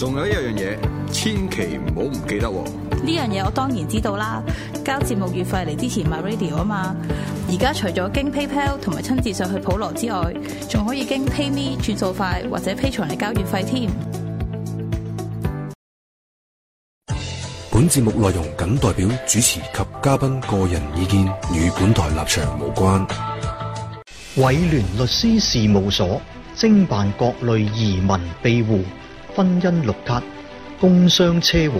仲有一樣嘢，千祈唔好唔記得、哦、喎！呢樣嘢我當然知道啦，交節目月費嚟支持 MyRadio 啊嘛！而家除咗經 PayPal 同埋親自上去普羅之外，仲可以經 PayMe 轉數快或者 Patreon 嚟交月費添。本節目內容僅代表主持及嘉賓個人意見，與本台立場無關。委聯律師事務所，精辦各類移民庇護。婚姻綠卡、工傷車禍，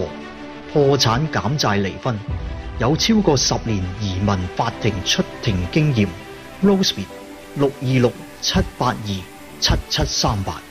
破產減債離婚，有超過十年移民法庭出庭經驗，Rosie e 六二六七八二七七三八。Roseby,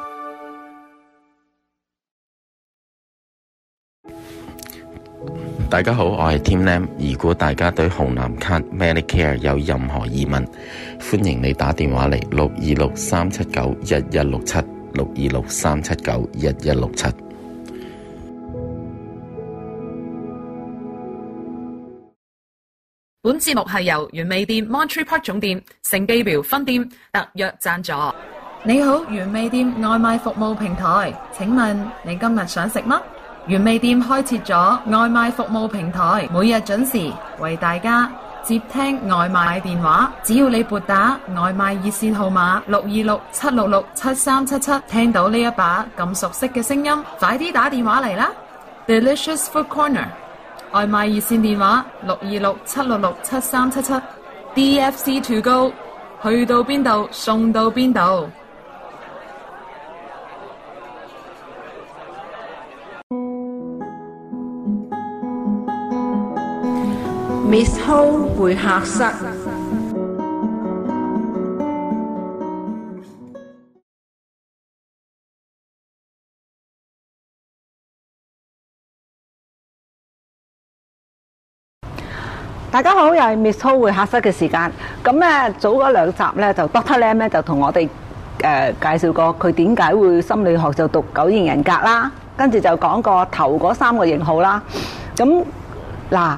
大家好，我係 Tim Lam。如果大家對紅藍卡 Medicare 有任何疑問，歡迎你打電話嚟六二六三七九一一六七六二六三七九一一六七。本節目係由原味店 Monterey Park 總店、盛記苗分店特約贊助。你好，原味店外賣服務平台，請問你今日想食乜？原味店開設咗外賣服務平台，每日準時為大家接聽外賣電話。只要你撥打外賣熱線號碼六二六七六六七三七七，聽到呢一把咁熟悉嘅聲音，快啲打電話嚟啦！Delicious Food Corner 外賣熱線電話六二六七六六七三七七，DFC to go 去到邊度送到邊度。Miss Ho 會客室，大家好，又係 Miss Ho 會客室嘅時間。咁咧早嗰兩集咧就 Doctor Lam 咧就同我哋誒、呃、介紹過佢點解會心理學就讀九型人格啦，跟住就講個頭嗰三個型號啦。咁嗱。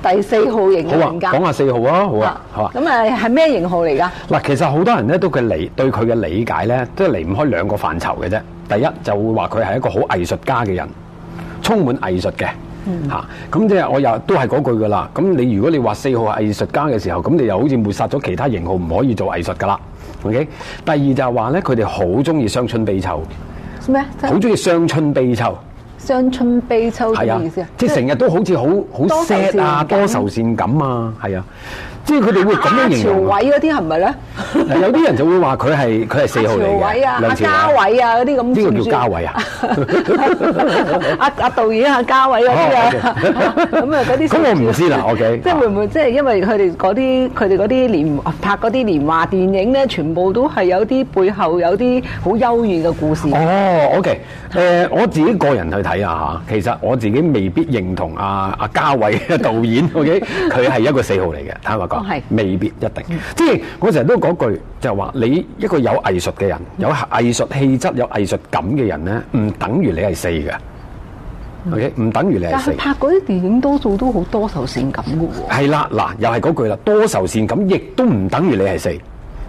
第四號型號，講下四號啊，好啊，好啊。咁啊，係咩型號嚟噶？嗱，其實好多人咧，都佢理對佢嘅理解咧，都離唔開兩個範疇嘅啫。第一就會話佢係一個好藝術家嘅人，充滿藝術嘅嚇。咁即係我又都係嗰句噶啦。咁你如果你話四號係藝術家嘅時候，咁你又好似抹殺咗其他型號唔可以做藝術噶啦。O K。第二就係話咧，佢哋好中意傷春悲秋，咩？好中意傷春悲秋。傷春悲秋嘅意思啊，即係成日都好似好好 sad 啊，多愁善感啊，係啊。是即係佢哋會咁樣形容啊？朝偉嗰啲係咪咧？有啲人就會話佢係佢係四號嚟嘅。阿朝偉啊，阿家衛啊嗰啲咁。呢個叫家衛啊？阿阿導演阿家衛嗰啲啊？咁啊嗰啲咁我唔知啦。O K，即係會唔會即係因為佢哋嗰啲佢哋嗰啲年拍嗰啲年華電影咧，全部都係有啲背後有啲好幽怨嘅故事。哦，O K，誒，我自己個人去睇下吓，其實我自己未必認同阿阿家衛嘅導演。O K，佢係一個四號嚟嘅，坦白講。係，未必一定。嗯、即係我成日都講句，就話你一個有藝術嘅人，有藝術氣質、有藝術感嘅人咧，唔等於你係四嘅。O K，唔等於你係四。嗯、但係拍嗰啲電影多數都好多愁善感嘅喎。係啦，嗱，又係嗰句啦，多愁善感亦、哦嗯、都唔、哦嗯哦嗯哦、等於你係四，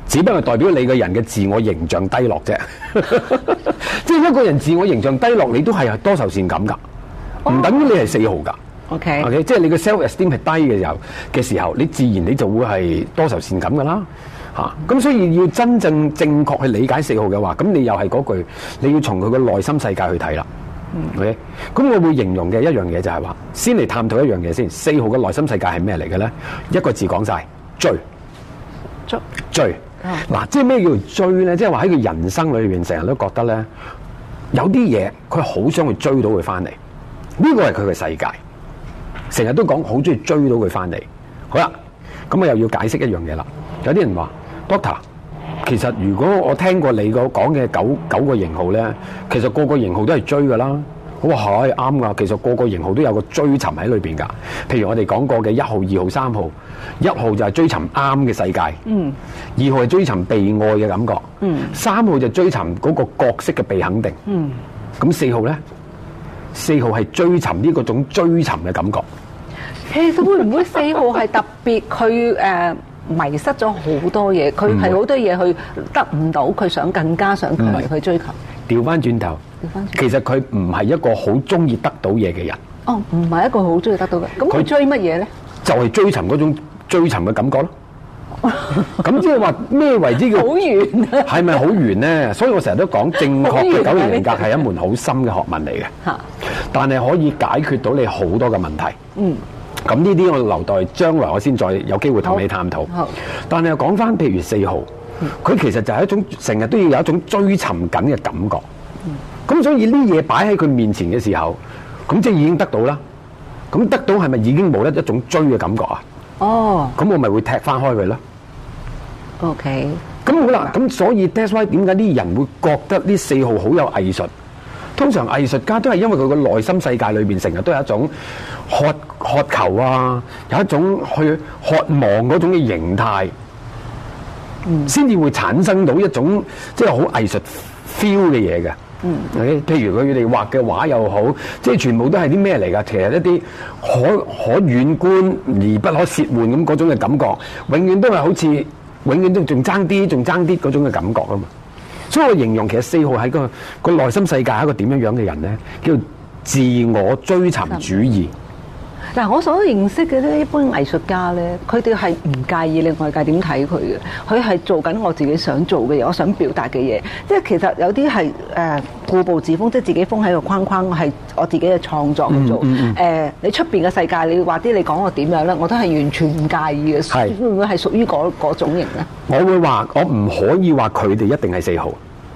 只不過代表你個人嘅自我形象低落啫。 嗯、 即係一個人自我形象低落，你都係多愁善感噶，唔等於你係四號噶、嗯。O K，O K，即係你個 self esteem 係低嘅時候嘅時候，你自然你就會係多愁善感噶啦，吓、嗯、咁、啊、所以要真正正確去理解四號嘅話，咁你又係嗰句，你要從佢個內心世界去睇啦。O K，咁我會形容嘅一樣嘢就係話，先嚟探討一樣嘢先，四號嘅內心世界係咩嚟嘅咧？一個字講晒，追，追，追、嗯。嗱、啊，即係咩叫做追咧？即係話喺佢人生裏邊，成日都覺得咧，有啲嘢佢好想去追到佢翻嚟，呢個係佢嘅世界。成日都講好中意追到佢翻嚟，好啦，咁我又要解釋一樣嘢啦。有啲人話，Doctor，其實如果我聽過你個講嘅九九個型號咧，其實個個型號都係追噶啦。好係啱噶，其實個個型號都有個追尋喺裏面噶。譬如我哋講過嘅一號、二號、三號，一號就係追尋啱嘅世界，嗯，二號係追尋被愛嘅感覺，嗯，三號就追尋嗰個角色嘅被肯定，嗯，咁四號咧？四號係追尋呢個種追尋嘅感覺，其實會唔會四號係特別佢誒迷失咗好多嘢？佢係好多嘢去得唔到，佢想更加想嚟去追求。調翻轉頭，調翻，其實佢唔係一個好中意得到嘢嘅人。哦，唔係一個好中意得到嘅。咁佢追乜嘢咧？就係追尋嗰種追尋嘅感覺咯。咁即係話咩為之叫好圓？係咪好圓咧？所以我成日都講正確嘅九型人格係一門好深嘅學問嚟嘅。吓，但係可以解決到你好多嘅問題。嗯，咁呢啲我留待將來我先再有機會同你探討。但係講翻譬如四號，佢其實就係一種成日都要有一種追尋緊嘅感覺。咁所以呢嘢擺喺佢面前嘅時候，咁即係已經得到啦。咁得到係咪已經冇一一種追嘅感覺啊？哦，咁我咪會踢翻開佢咯。OK，咁好啦，咁所以 that's why 點解啲人會覺得呢四號好有藝術？通常藝術家都係因為佢個內心世界裏面成日都有一種渴渴求啊，有一種去渴望嗰種嘅形態，先、嗯、至會產生到一種即係好藝術 feel 嘅嘢嘅，譬如佢哋畫嘅畫又好，即、就、係、是、全部都係啲咩嚟㗎？其實一啲可可遠觀而不可褻玩咁嗰種嘅感覺，永遠都係好似。永遠都仲爭啲，仲爭啲嗰種嘅感覺啊嘛，所以我形容其實四號喺個佢內心世界係一個點樣樣嘅人呢？叫自我追尋主義。嗱，我所認識嘅咧，一般藝術家咧，佢哋係唔介意你外界點睇佢嘅，佢係做緊我自己想做嘅嘢，我想表達嘅嘢。即係其實有啲係誒固步自封，即係自己封喺個框框，係我自己嘅創作去做。誒、嗯嗯呃，你出邊嘅世界，你話啲你講我點樣咧，我都係完全唔介意嘅。係會唔會係屬於嗰種型咧？我會話，我唔可以話佢哋一定係四號。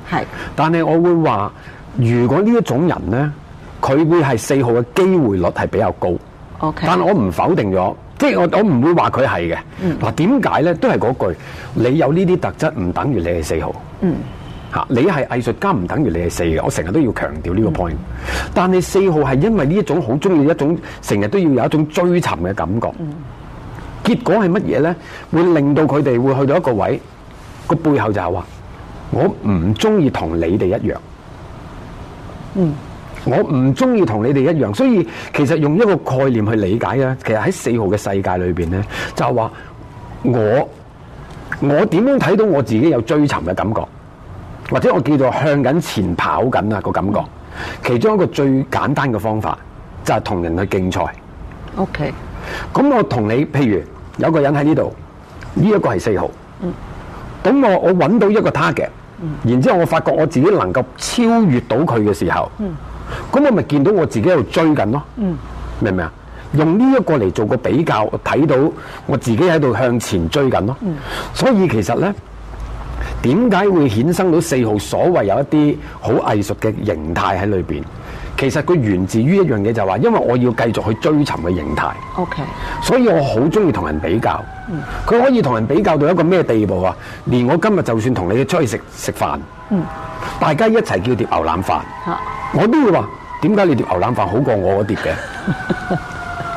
係，但係我會話，如果呢一種人咧，佢會係四號嘅機會率係比較高。Okay, 但係我唔否定咗，即係我我唔會話佢係嘅。嗱、嗯，點解咧？都係嗰句，你有呢啲特質唔等於你係四號。嗯，吓你係藝術家唔等於你係四嘅。我成日都要強調呢個 point、嗯。但係四號係因為呢一種好中意一種成日都要有一種追尋嘅感覺。嗯，結果係乜嘢咧？會令到佢哋會去到一個位，個背後就係話我唔中意同你哋一樣。嗯。我唔中意同你哋一樣，所以其實用一個概念去理解啊。其實喺四號嘅世界裏邊咧，就係話我我點樣睇到我自己有追尋嘅感覺，或者我叫做向緊前跑緊啊個感覺。其中一個最簡單嘅方法就係同人去競賽。OK，咁我同你，譬如有個人喺呢度，呢一個係四號。嗯。等我我揾到一個 target、嗯、然之後我發覺我自己能夠超越到佢嘅時候。嗯。咁我咪見到我自己喺度追緊咯，嗯、明唔明啊？用呢一個嚟做個比較，睇到我自己喺度向前追緊咯、嗯。所以其實呢，點解會衍生到四號所謂有一啲好藝術嘅形態喺裏邊？其實佢源自於一樣嘢就話，因為我要繼續去追尋嘅形態。OK，所以我好中意同人比較。佢可以同人比較到一個咩地步啊？連我今日就算同你出去食食飯。嗯，大家一齊叫碟牛腩飯，啊，我都會話，點解你碟牛腩飯好過我碟嘅？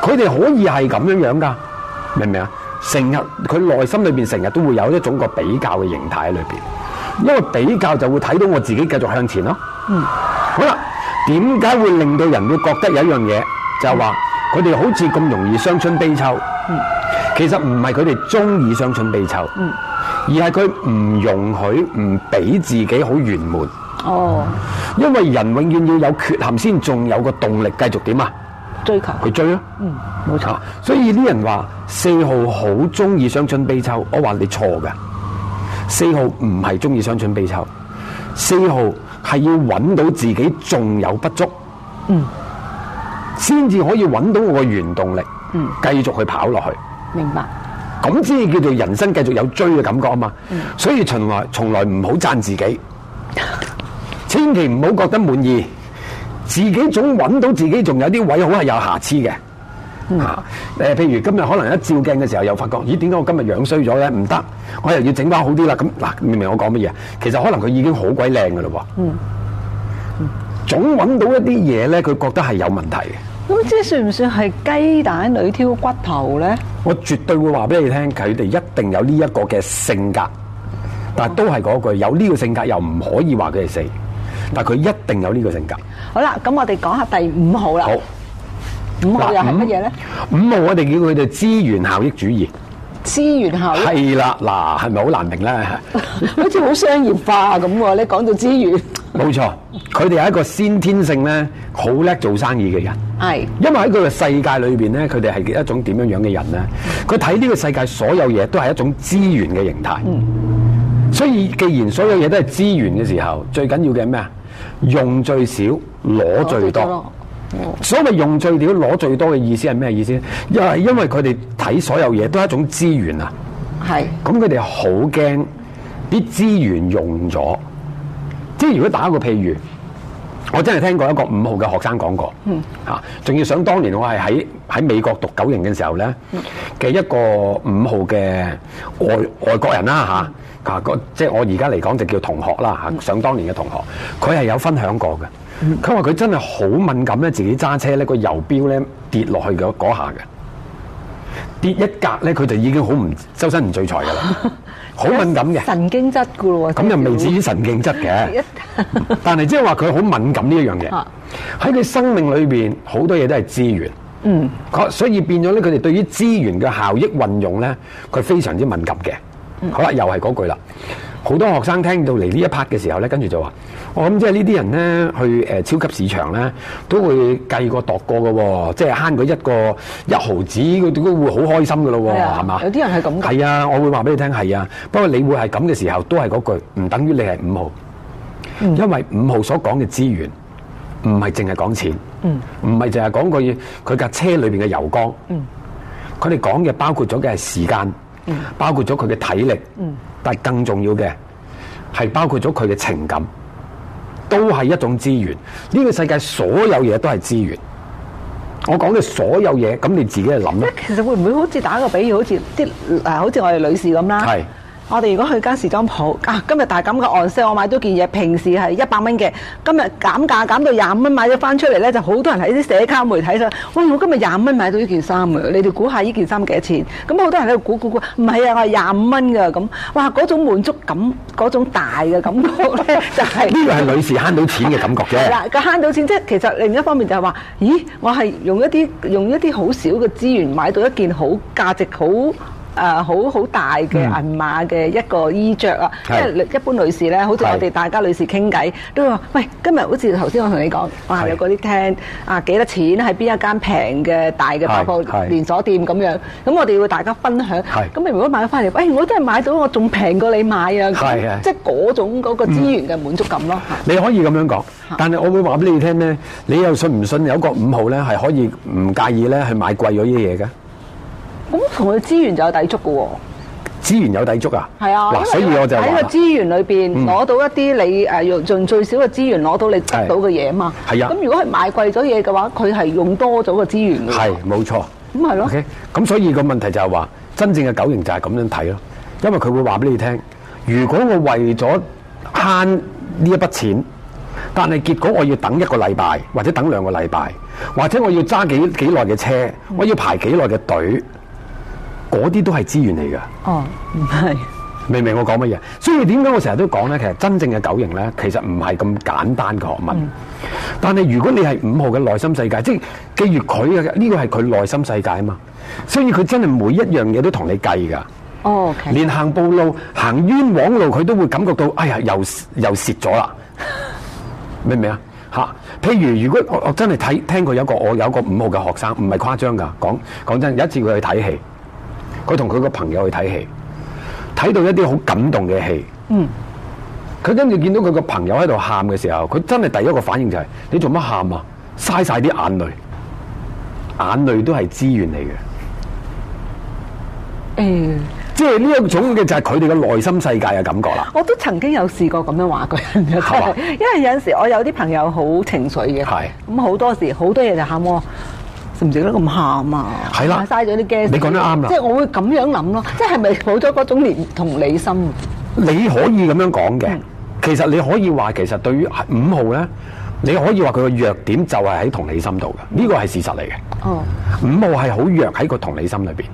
佢 哋可以係咁樣樣噶，明唔明啊？成日佢內心裏邊成日都會有一種一個比較嘅形態喺裏邊，因為比較就會睇到我自己繼續向前咯，啊。嗯，好啦，點解會令到人會覺得有一樣嘢就係話佢哋好似咁容易傷春悲秋？嗯，其實唔係佢哋中意傷春悲秋。嗯。而係佢唔容許唔俾自己好圓滿哦，因為人永遠要有缺陷先，仲有個動力繼續點啊？追求去追咯，嗯，冇錯，啊。所以啲人話四號好中意傷春悲秋，我話你錯嘅，四號唔係中意傷春悲秋，四號係要揾到自己仲有不足，嗯，先至可以揾到我個原動力，嗯，繼續去跑落去，明白。咁先叫做人生繼續有追嘅感覺啊嘛，嗯，所以從來從來唔好讚自己，千祈唔好覺得滿意，自己總揾到自己仲有啲位好係有瑕疵嘅吓。誒、嗯啊，譬如今日可能一照鏡嘅時候又發覺，咦？點解我今日樣衰咗咧？唔得，我又要整翻好啲啦。咁嗱，你明，明我講乜嘢？其實可能佢已經好鬼靚㗎嘞喎。嗯，總揾到一啲嘢咧，佢覺得係有問題嘅。咁即係算唔算係雞蛋裏挑骨頭咧？我絕對會話俾你聽，佢哋一定有呢一個嘅性格，但都係嗰句，有呢個性格又唔可以話佢哋死，但佢一定有呢個性格。好啦，咁我哋講下第五號啦。好，五號又係乜嘢咧？五號我哋叫佢哋資源效益主義。資源效益係啦，嗱係咪好難明咧？ 好似好商業化咁喎，你講到資源。冇錯，佢哋係一個先天性咧好叻做生意嘅人。係，因為喺佢嘅世界裏邊咧，佢哋係一種點樣樣嘅人咧？佢睇呢個世界所有嘢都係一種資源嘅形態，嗯。所以，既然所有嘢都係資源嘅時候，嗯，最緊要嘅係咩啊？用最少攞最多。最多嗯，所謂用最少攞最多嘅意思係咩意思？又係因為佢哋睇所有嘢都係一種資源啊。係。咁佢哋好驚啲資源用咗。即係如果打一個譬如，我真係聽過一個五號嘅學生講過，嚇，仲要想當年我係喺喺美國讀九型嘅時候咧嘅一個五號嘅外外國人啦嚇，啊即係我而家嚟講就叫同學啦嚇，想當年嘅同學，佢係有分享過嘅，佢話佢真係好敏感咧，自己揸車咧個油標咧跌落去嘅嗰下嘅，跌一格咧佢就已經好唔周身唔聚財㗎喇。好敏感嘅，神經質噶咯喎，咁又未至於神經質嘅， 但係即係話佢好敏感呢一樣嘢，喺 佢生命裏邊好多嘢都係資源，嗯，所以變咗咧佢哋對於資源嘅效益運用咧，佢非常之敏感嘅，嗯，好啦，又係嗰句啦。好多學生聽到嚟呢一 part 嘅時候咧，跟住就話：我諗即係呢啲人咧去誒超級市場咧，都會計過度過嘅、哦，即係慳嗰一個一毫子，佢點都會好開心嘅咯、哦，係嘛、啊？有啲人係咁嘅。係啊，我會話俾你聽係啊，不過你會係咁嘅時候，都係嗰句唔等於你係五號、嗯，因為五號所講嘅資源唔係淨係講錢，唔係淨係講佢佢架車裏邊嘅油缸，佢、嗯、哋講嘅包括咗嘅係時間，嗯、包括咗佢嘅體力。嗯。但係更重要嘅係包括咗佢嘅情感，都係一種資源。呢、這個世界所有嘢都係資源。我講嘅所有嘢，咁你自己去諗啦。其實會唔會好似打個比喻，好似啲，好似我哋女士咁啦？我哋如果去間時裝鋪啊，今日大減價，按聲我買到件嘢，平時係一百蚊嘅，今日減價減到廿五蚊買咗翻出嚟咧，就好多人喺啲社交媒體上，喂，我今日廿五蚊買到呢件衫喎，你哋估下呢件衫幾多錢？咁好多人喺度估估估，唔係啊，我係廿五蚊嘅。咁，哇，嗰種滿足感，嗰種大嘅感覺咧，就係呢個係女士慳到錢嘅感覺啫。係啦，佢慳到錢即係其實另一方面就係話，咦，我係用一啲用一啲好少嘅資源買到一件好價值好。誒好好大嘅銀碼嘅一個衣著啊，即係一般女士咧，好似我哋大家女士傾偈都話，喂，今日好似頭先我同你講，哇，有嗰啲聽啊，幾多錢？喺邊一間平嘅大嘅百貨連鎖店咁樣。咁我哋會大家分享。咁你如果買咗翻嚟，喂，我真係買到，我仲平過你買啊！係啊，即係嗰種嗰個資源嘅滿足感咯。你可以咁樣講，但係我會話俾你聽咧，你又信唔信有個五號咧係可以唔介意咧去買貴咗啲嘢嘅？咁同佢資源就有抵觸㗎喎，資源有抵觸啊？係啊，嗱，所以我就喺個資源裏邊攞到一啲你用最少嘅資源攞到你得到嘅嘢嘛。係啊，咁如果係買貴咗嘢嘅話，佢係用多咗個資源。係冇錯。咁係咯。OK，咁所以個問題就係話，真正嘅九型就係咁樣睇咯，因為佢會話俾你聽，如果我為咗慳呢一筆錢，但係結果我要等一個禮拜，或者等兩個禮拜，或者我要揸幾幾耐嘅車，我要排幾耐嘅隊。嗯嗰啲都係資源嚟噶。哦，唔係。明唔明我講乜嘢？所以點解我成日都講咧？其實真正嘅九型咧，其實唔係咁簡單嘅學問，嗯、但係如果你係五號嘅內心世界，嗯、即係記住佢嘅呢個係佢內心世界啊嘛。所以佢真係每一樣嘢都同你計噶。哦、okay。連行步路、行冤枉路，佢都會感覺到，哎呀，又又蝕咗啦。明唔明啊？嚇，譬如如果我我真係睇聽過有個我有個五號嘅學生，唔係誇張噶，講講真，有一次佢去睇戲。佢同佢個朋友去睇戲，睇到一啲好感動嘅戲。嗯，佢跟住見到佢個朋友喺度喊嘅時候，佢真係第一個反應就係：你做乜喊啊？嘥晒啲眼淚，眼淚都係資源嚟嘅。嗯，即係呢一種嘅就係佢哋嘅內心世界嘅感覺啦。我都曾經有試過咁樣話個人嘅，因為有陣時我有啲朋友好情緒嘅，係咁好多時好多嘢就喊喎。唔唔得咁喊啊！係啦，嘥咗啲 gas。你講得啱啦，即係我會咁樣諗咯，即係咪冇咗嗰種連同理心？你可以咁樣講嘅，其實你可以話其實對於五號咧，你可以話佢個弱點就係喺同理心度嘅，呢個係事實嚟嘅。哦，五號係好弱喺個同理心裏邊，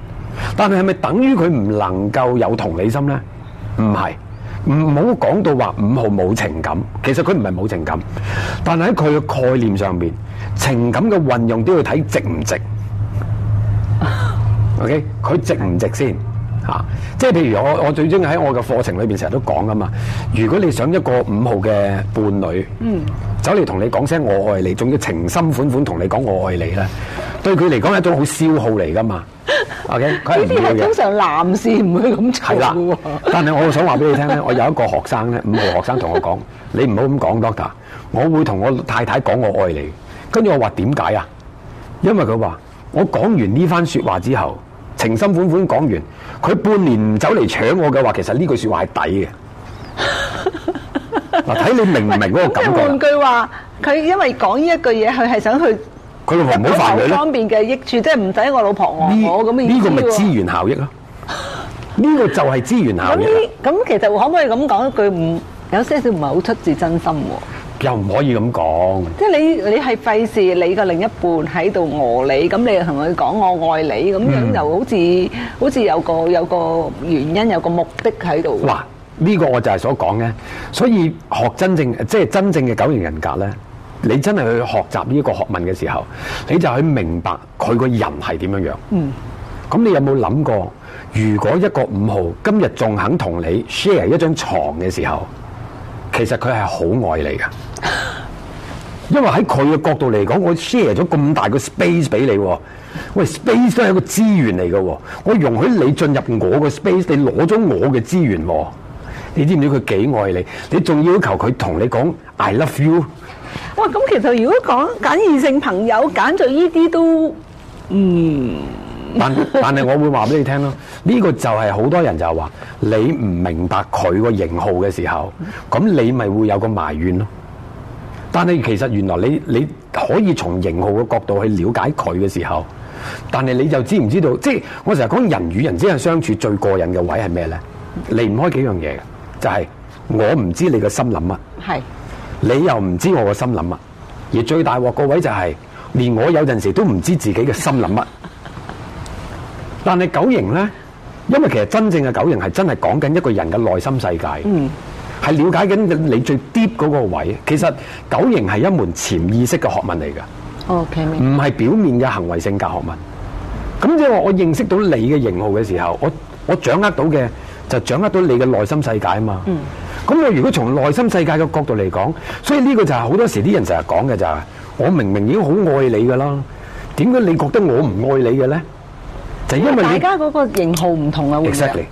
但係係咪等於佢唔能夠有同理心咧？唔係。唔好講到話五號冇情感，其實佢唔係冇情感，但係喺佢嘅概念上面，情感嘅運用都要睇值唔值。 OK，佢值唔值先？吓、 啊，即係譬如我我最鍾意喺我嘅課程裏邊成日都講噶嘛，如果你想一個五號嘅伴侶，嗯，走嚟同你講聲我愛你，仲要情深款款同你講我愛你咧。對佢嚟講係一種好消耗嚟噶嘛？OK，佢係通常男士唔會咁做。係啦，但係我想話俾你聽咧， 我有一個學生咧，五號學生同我講：你唔好咁講 Doctor。我會同我太太講我愛你。跟住我話點解啊？因為佢話我講完呢番説話之後，情深款款講完，佢半年走嚟搶我嘅話，其實呢句説話係抵嘅。嗱，睇你明唔明嗰個感覺？但是換句話，佢因為講呢一句嘢，佢係想去。佢老婆唔好煩佢咧。方便嘅益處，即係唔使我老婆餓我咁嘅意思喎。呢個咪資源效益咯？呢個就係資源效益。咁，咁其實可唔可以咁講一句？唔，有些少唔係好出自真心喎。又唔可以咁講。即係你，你係費事你嘅另一半喺度餓你，咁你又同佢講我愛你，咁樣又好似好似有個有個原因有個目的喺度。哇！呢個我就係所講嘅，所以學真正即係真正嘅九型人格咧。你真係去學習呢個學問嘅時候，你就去明白佢個人係點樣樣。嗯，咁你有冇諗過？如果一個五號今日仲肯同你 share 一張床嘅時候，其實佢係好愛你噶。因為喺佢嘅角度嚟講，我 share 咗咁大個 space 俾你喎。喂，space 都係一個資源嚟嘅喎。我容許你進入我個 space，你攞咗我嘅資源喎。你知唔知佢幾愛你？你仲要求佢同你講 I love you？哇！咁其實如果講簡易性朋友揀就依啲都，嗯但，但但係我會話俾你聽咯，呢 個就係好多人就係話你唔明白佢個型號嘅時候，咁你咪會有個埋怨咯。但係其實原來你你可以從型號嘅角度去了解佢嘅時候，但係你就知唔知道？即係我成日講人與人之間相處最過癮嘅位係咩咧？離唔開幾樣嘢嘅，就係、是、我唔知你個心諗啊。係。你又唔知我嘅心諗乜，而最大鑊個位就係連我有陣時都唔知自己嘅心諗乜。但係九型呢，因為其實真正嘅九型係真係講緊一個人嘅內心世界，嗯，係了解緊你最 deep 嗰個位。其實九型係一門潛意識嘅學問嚟㗎，OK，唔係表面嘅行為性格學問。咁即係話我認識到你嘅型號嘅時候，我我掌握到嘅。就掌握到你嘅內心世界啊嘛！咁我如果從內心世界嘅角度嚟講，所以呢個就係好多時啲人成日講嘅就係：我明明已經好愛你㗎啦，點解你覺得我唔愛你嘅咧？就因為大家嗰個型號唔同啊！exactly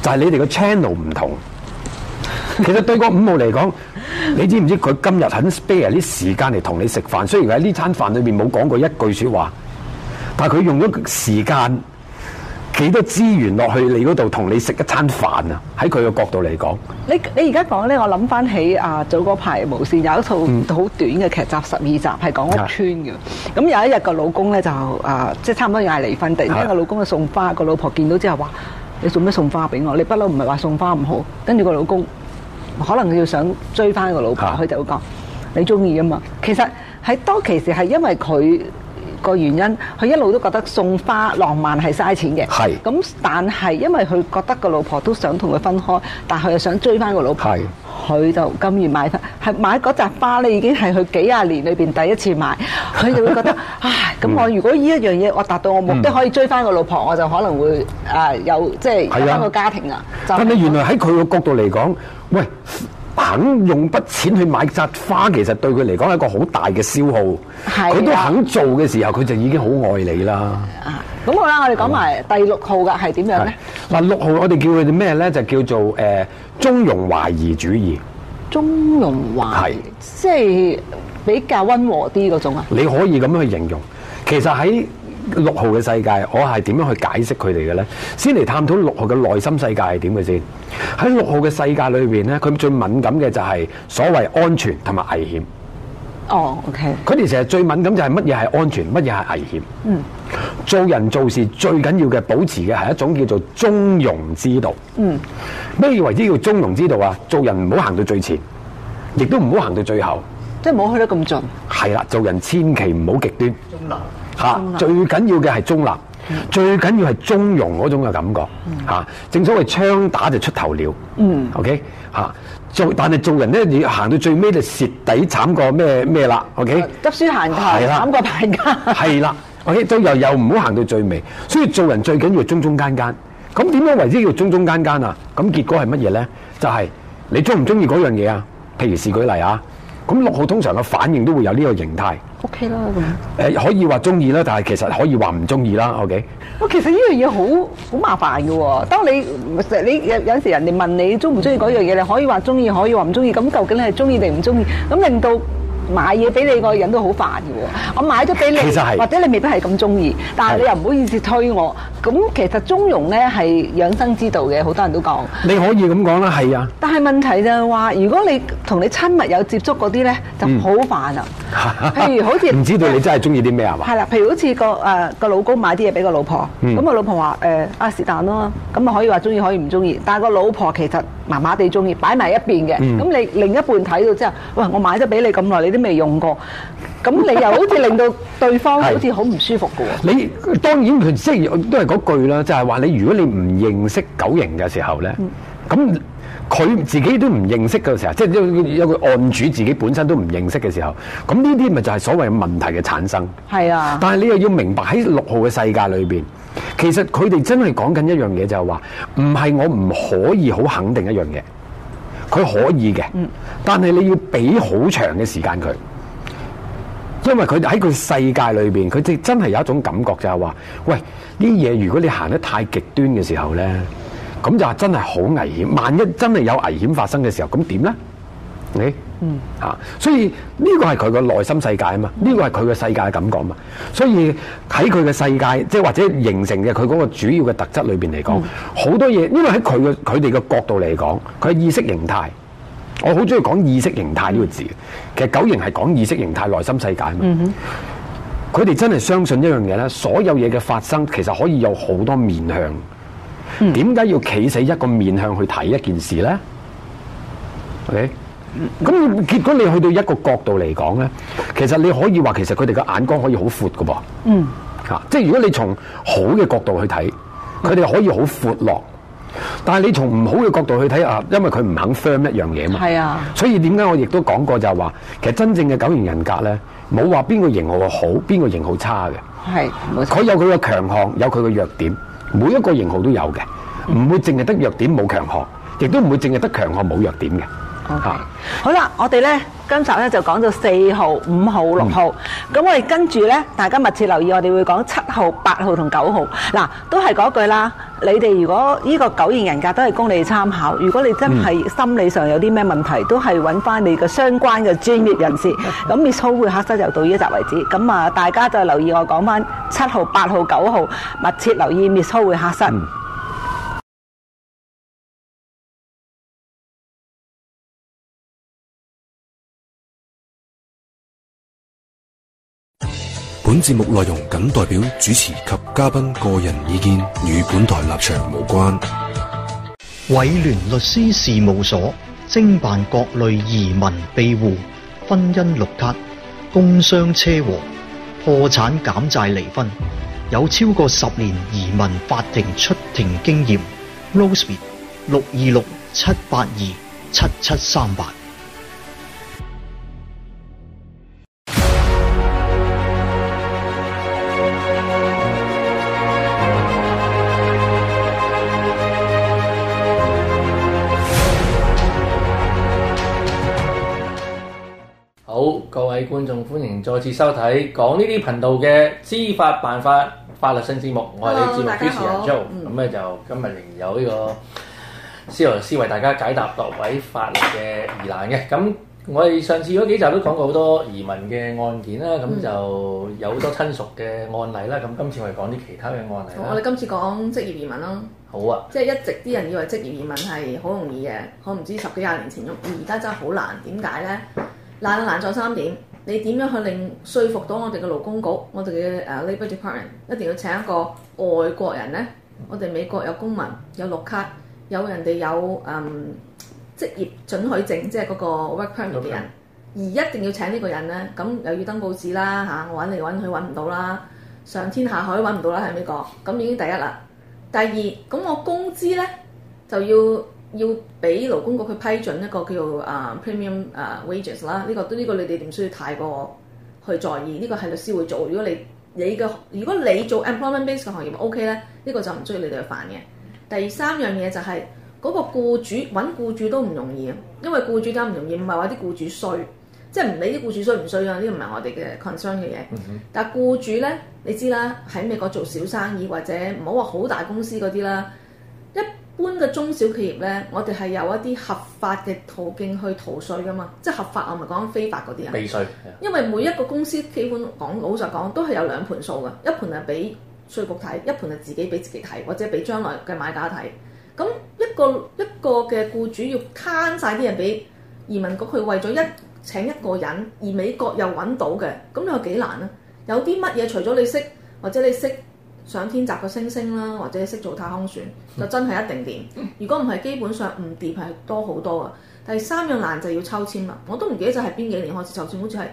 就係你哋嘅 channel 唔同。其實對個五號嚟講，你知唔知佢今日肯 spare 啲時間嚟同你食飯？雖然喺呢餐飯裏面冇講過一句説話，但係佢用咗時間。幾多資源落去你嗰度同你食一餐飯啊？喺佢嘅角度嚟講，你你而家講咧，我諗翻起啊早嗰排無綫有一套好短嘅劇集，十二集係講屋邨嘅。咁有一日個老公咧就啊，即係差唔多要嗌離婚。突然間個老公去送花，個老婆見到之後話：你做咩送花俾我？你不嬲唔係話送花唔好。跟住個老公可能佢要想追翻個老婆，佢就會講：你中意啊嘛。其實喺當其時係因為佢。個原因，佢一路都覺得送花浪漫係嘥錢嘅。係。咁但係因為佢覺得個老婆都想同佢分開，但佢又想追翻個老婆，佢就甘願買翻。係買嗰扎花咧，已經係佢幾廿年裏邊第一次買。佢就會覺得，唉 咁我如果呢一樣嘢我達到我目的，可以追翻個老婆， 我就可能會誒有即係有翻個家庭啊。係你原來喺佢個角度嚟講， 喂？肯用筆錢去買扎花，其實對佢嚟講係一個好大嘅消耗。佢都肯做嘅時候，佢就已經好愛你啦。咁好啦，我哋講埋第六號㗎係點樣咧？嗱，六號我哋叫佢咩咧？就叫做、呃、中庸懷疑主義。中庸懷疑，即係比較溫和啲嗰種啊。你可以咁樣去形容。其實喺六號嘅世界，我係點樣去解釋佢哋嘅咧？先嚟探討六號嘅內心世界係點嘅先。喺六號嘅世界裏邊咧，佢最敏感嘅就係所謂安全同埋危險。哦，OK。佢哋成日最敏感就係乜嘢係安全，乜嘢係危險。嗯。做人做事最緊要嘅保持嘅係一種叫做中庸之道。嗯。咩叫為之叫中庸之道啊？做人唔好行到最前，亦都唔好行到最後。即係唔好去得咁盡。係啦，做人千祈唔好極端。中立。吓，最緊要嘅係中立，最緊要係中、嗯、中庸嗰種嘅感覺。吓，正所謂槍打就出頭鳥。嗯，OK，吓做，但係做人咧，你要行到最尾就蝕底慘過咩咩啦。OK，執輸行頭，慘過敗家。 係啦，OK，都又又唔好行到最尾，所以做人最緊要係中中間間。咁點樣為之叫中中間間啊？咁結果係乜嘢咧？就係、是、你中唔中意嗰樣嘢啊？譬如是舉例啊。咁六號通常嘅反應都會有呢個形態。O K 啦咁。可以話中意啦，但係其實可以話唔中意啦。O K。其實呢樣嘢好好麻煩嘅喎。當你你有有陣時人哋問你中唔中意嗰樣嘢，你可以話中意，可以話唔中意。咁究竟你係中意定唔中意？咁令到買嘢俾你個人都好煩嘅喎。我買咗俾你，其實係或者你未必係咁中意，但係你又唔好意思推我。咁其實中庸咧係養生之道嘅，好多人都講。你可以咁講啦，係啊。但係問題就係話，如果你同你親密有接觸嗰啲咧，就好煩啊。譬如好似唔知道你真係中意啲咩啊嘛。係啦，譬如好似個誒個老公買啲嘢俾個老婆，咁個老婆話誒阿是但咯，咁咪可以話中意可以唔中意。但係個老婆其實麻麻地中意，擺埋一邊嘅。咁你另一半睇到之後，喂，我買咗俾你咁耐，你都未用過。咁 你又好似令到對方好似好唔舒服㗎喎 你當然佢即係都係嗰句啦，就係、是、話你如果你唔認識九型嘅時候咧，咁、嗯、佢自己都唔認識嘅時候，即係有個案主自己本身都唔認識嘅時候，咁呢啲咪就係所謂問題嘅產生。係啊。但係你又要明白喺六號嘅世界裏邊，其實佢哋真係講緊一樣嘢，就係話唔係我唔可以好肯定一樣嘢，佢可以嘅、嗯。但係你要俾好長嘅時間佢。因為佢喺佢世界裏邊，佢即真係有一種感覺就係、是、話，喂，呢嘢如果你行得太極端嘅時候咧，咁就真係好危險。萬一真係有危險發生嘅時候，咁點咧？Okay? 嗯吓、啊，所以呢個係佢個內心世界啊嘛，呢個係佢個世界嘅感覺啊嘛。所以喺佢嘅世界，即係或者形成嘅佢嗰個主要嘅特質裏邊嚟講，好、嗯、多嘢，因為喺佢嘅佢哋嘅角度嚟講，佢係意識形態。我好中意講意識形態呢個字，其實九型係講意識形態內心世界嘛。佢、嗯、哋真係相信一樣嘢咧，所有嘢嘅發生其實可以有好多面向。點、嗯、解要企死一個面向去睇一件事咧？咁、Okay? 結果你去到一個角度嚟講咧，其實你可以話，其實佢哋嘅眼光可以好闊嘅噃。吓、嗯啊，即係如果你從好嘅角度去睇，佢、嗯、哋可以好闊落。但係你從唔好嘅角度去睇啊，因為佢唔肯 firm 一樣嘢嘛，係啊，所以點解我亦都講過就係話，其實真正嘅九型人格咧，冇話邊個型號好，邊個型號差嘅，係，佢有佢嘅強項，有佢嘅弱點，每一個型號都有嘅，唔會淨係得弱點冇強項，亦都唔會淨係得強項冇弱點嘅。Okay. Okay. 好啦，我哋呢今集呢就講到四號、五號、六號，咁、嗯、我哋跟住呢，大家密切留意，我哋會講七號、八號同九號。嗱，都係嗰句啦，你哋如果呢個九型人格都係供你參考，如果你真係心理上有啲咩問題，嗯、都係揾翻你嘅相關嘅專業人士。咁 Miss Ho 會客室就到呢集為止，咁啊，大家就留意我講翻七號、八號、九號，密切留意 Miss Ho 會客室。嗯本節目內容僅代表主持及嘉賓個人意見，與本台立場無關。偉聯律師事務所偵辦各類移民庇護、婚姻綠卡、工傷車禍、破產減債、離婚，有超過十年移民法庭出庭經驗。Rosby e 六二六七八二七七三八。再次收睇講呢啲頻道嘅知法辦法法律性節目，我係你節目主持人 Joe。咁咧、嗯、就今日仍然有呢個司徒律師為大家解答各位法律嘅疑難嘅。咁我哋上次嗰幾集都講過好多移民嘅案件啦，咁就有好多親屬嘅案例啦。咁今次我哋講啲其他嘅案例。嗯、我哋今次講職業移民咯。好啊，即係一直啲人以為職業移民係好容易嘅，我唔知道十幾廿年前，而家真係好難。點解咧？難了難在三點。你點樣去令說服到我哋嘅勞工局，我哋嘅 Labour Department 一定要請一個外國人咧？我哋美國有公民、有綠卡、有人哋有嗯職業準許證，即係嗰個 Work Permit 嘅人，okay. 而一定要請呢個人咧，咁又要登報紙啦吓，我揾嚟揾去揾唔到啦，上天下海揾唔到啦喺美國，咁已經第一啦。第二，咁我工資咧就要。要俾勞工局去批准一個叫啊、uh, premium 啊、uh, wages 啦、這個，呢個都呢個你哋唔需要太過去在意，呢、這個係律師會做。如果你你嘅如果你做 employment base 嘅行業，OK 咧，呢、okay, 個就唔需要你哋去煩嘅。第三樣嘢就係、是、嗰、那個僱主揾僱主都唔容易，因為僱主都唔容易，唔係話啲僱主衰，即係唔理啲僱主衰唔衰啊，呢啲唔係我哋嘅 concern 嘅嘢。但係僱主咧，你知啦，喺美國做小生意或者唔好話好大公司嗰啲啦。般嘅中小企業呢，我哋係有一啲合法嘅途徑去逃稅噶嘛，即係合法，我唔係講非法嗰啲啊。避稅。因為每一個公司基本講老實講，都係有兩盤數㗎。一盤係俾稅局睇，一盤係自己俾自己睇，或者俾將來嘅買家睇。咁一個一個嘅僱主要攤晒啲人俾移民局去為咗一請一個人，而美國又揾到嘅，咁你話幾難啊？有啲乜嘢除咗你識，或者你識？上天摘個星星啦，或者識做太空船，嗯、就真係一定掂。如果唔係，基本上唔掂係多好多啊！第三樣難就係要抽籤啦。我都唔記得就係邊幾年開始抽籤，好似係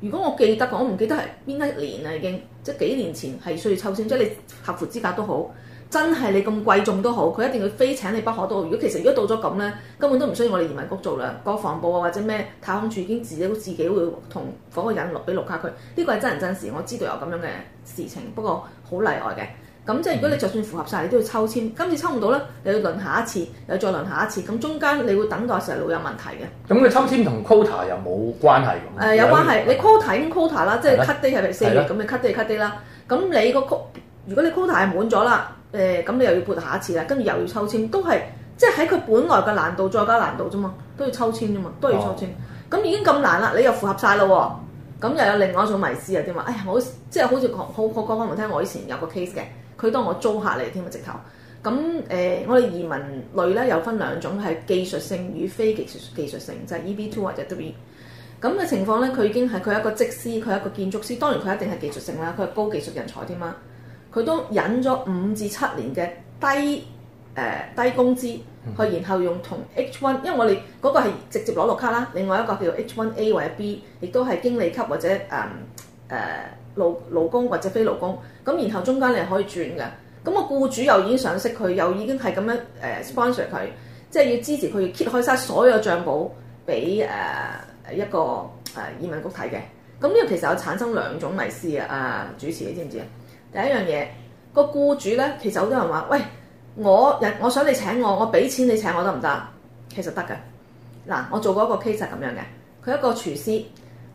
如果我記得我唔記得係邊一年啊。已經即係幾年前係需要抽籤，即係你合符資格都好，真係你咁貴重都好，佢一定要非請你不可都好，如果其實如果到咗咁呢，根本都唔需要我哋移民局做啦，國、那個、防部啊或者咩太空處已經自己自己會同嗰個人落俾綠卡佢。呢、這個係真人真事，我知道有咁樣嘅事情，不過。好例外嘅，咁即係如果你就算符合晒，你都要抽籤、嗯、今次抽唔到咧，你要輪下一次，又再輪下一次。咁中間你會等待成日路有問題嘅。咁佢抽籤同 quota 有冇關係咁？有關係。你 quota 已經 quota 啦，即係 cut day 係咪四月？咁你 cut day cut day 啦。咁你個 quota 如果你 quota 係滿咗啦，誒、呃、咁你又要撥下一次啦，跟住又要抽籤都係即係喺佢本來嘅難度再加難度啫嘛，都要抽籤啫嘛，都要抽籤咁已、哦、已經咁難啦，你又符合晒咯喎。咁又有另外一種迷思啊？點嘛？哎呀，我即係好似好，好，好我各方面聽，我以前有個 case 嘅，佢當我租客嚟添啊，直頭。咁誒、呃，我哋移民類咧有分兩種，係技術性與非技術技術性，就係、是、EB two 或者 e 咁嘅情況咧，佢已經係佢係一個職師，佢係一個建築師，當然佢一定係技術性啦，佢係高技術人才添啦。佢都忍咗五至七年嘅低。誒、呃、低工資，去然後用同 H1，因為我哋嗰個係直接攞綠卡啦。另外一個叫做 H1A 或者 B，亦都係經理級或者老誒、嗯呃、工或者非老工。咁然後中間你可以轉嘅。咁個僱主又已經賞識佢，又已經係咁樣 sponsor 佢，即、呃、係、就是、要支持佢要揭開晒所有賬簿俾、呃、一個、呃、移民局睇嘅。咁呢個其實有產生兩種迷思啊，主持你知唔知啊？第一樣嘢個僱主咧，其實好多人話喂。我日我想你請我，我俾錢你請我得唔得，其實得嘅。嗱，我做過一個 case 咁樣嘅，佢一個廚師，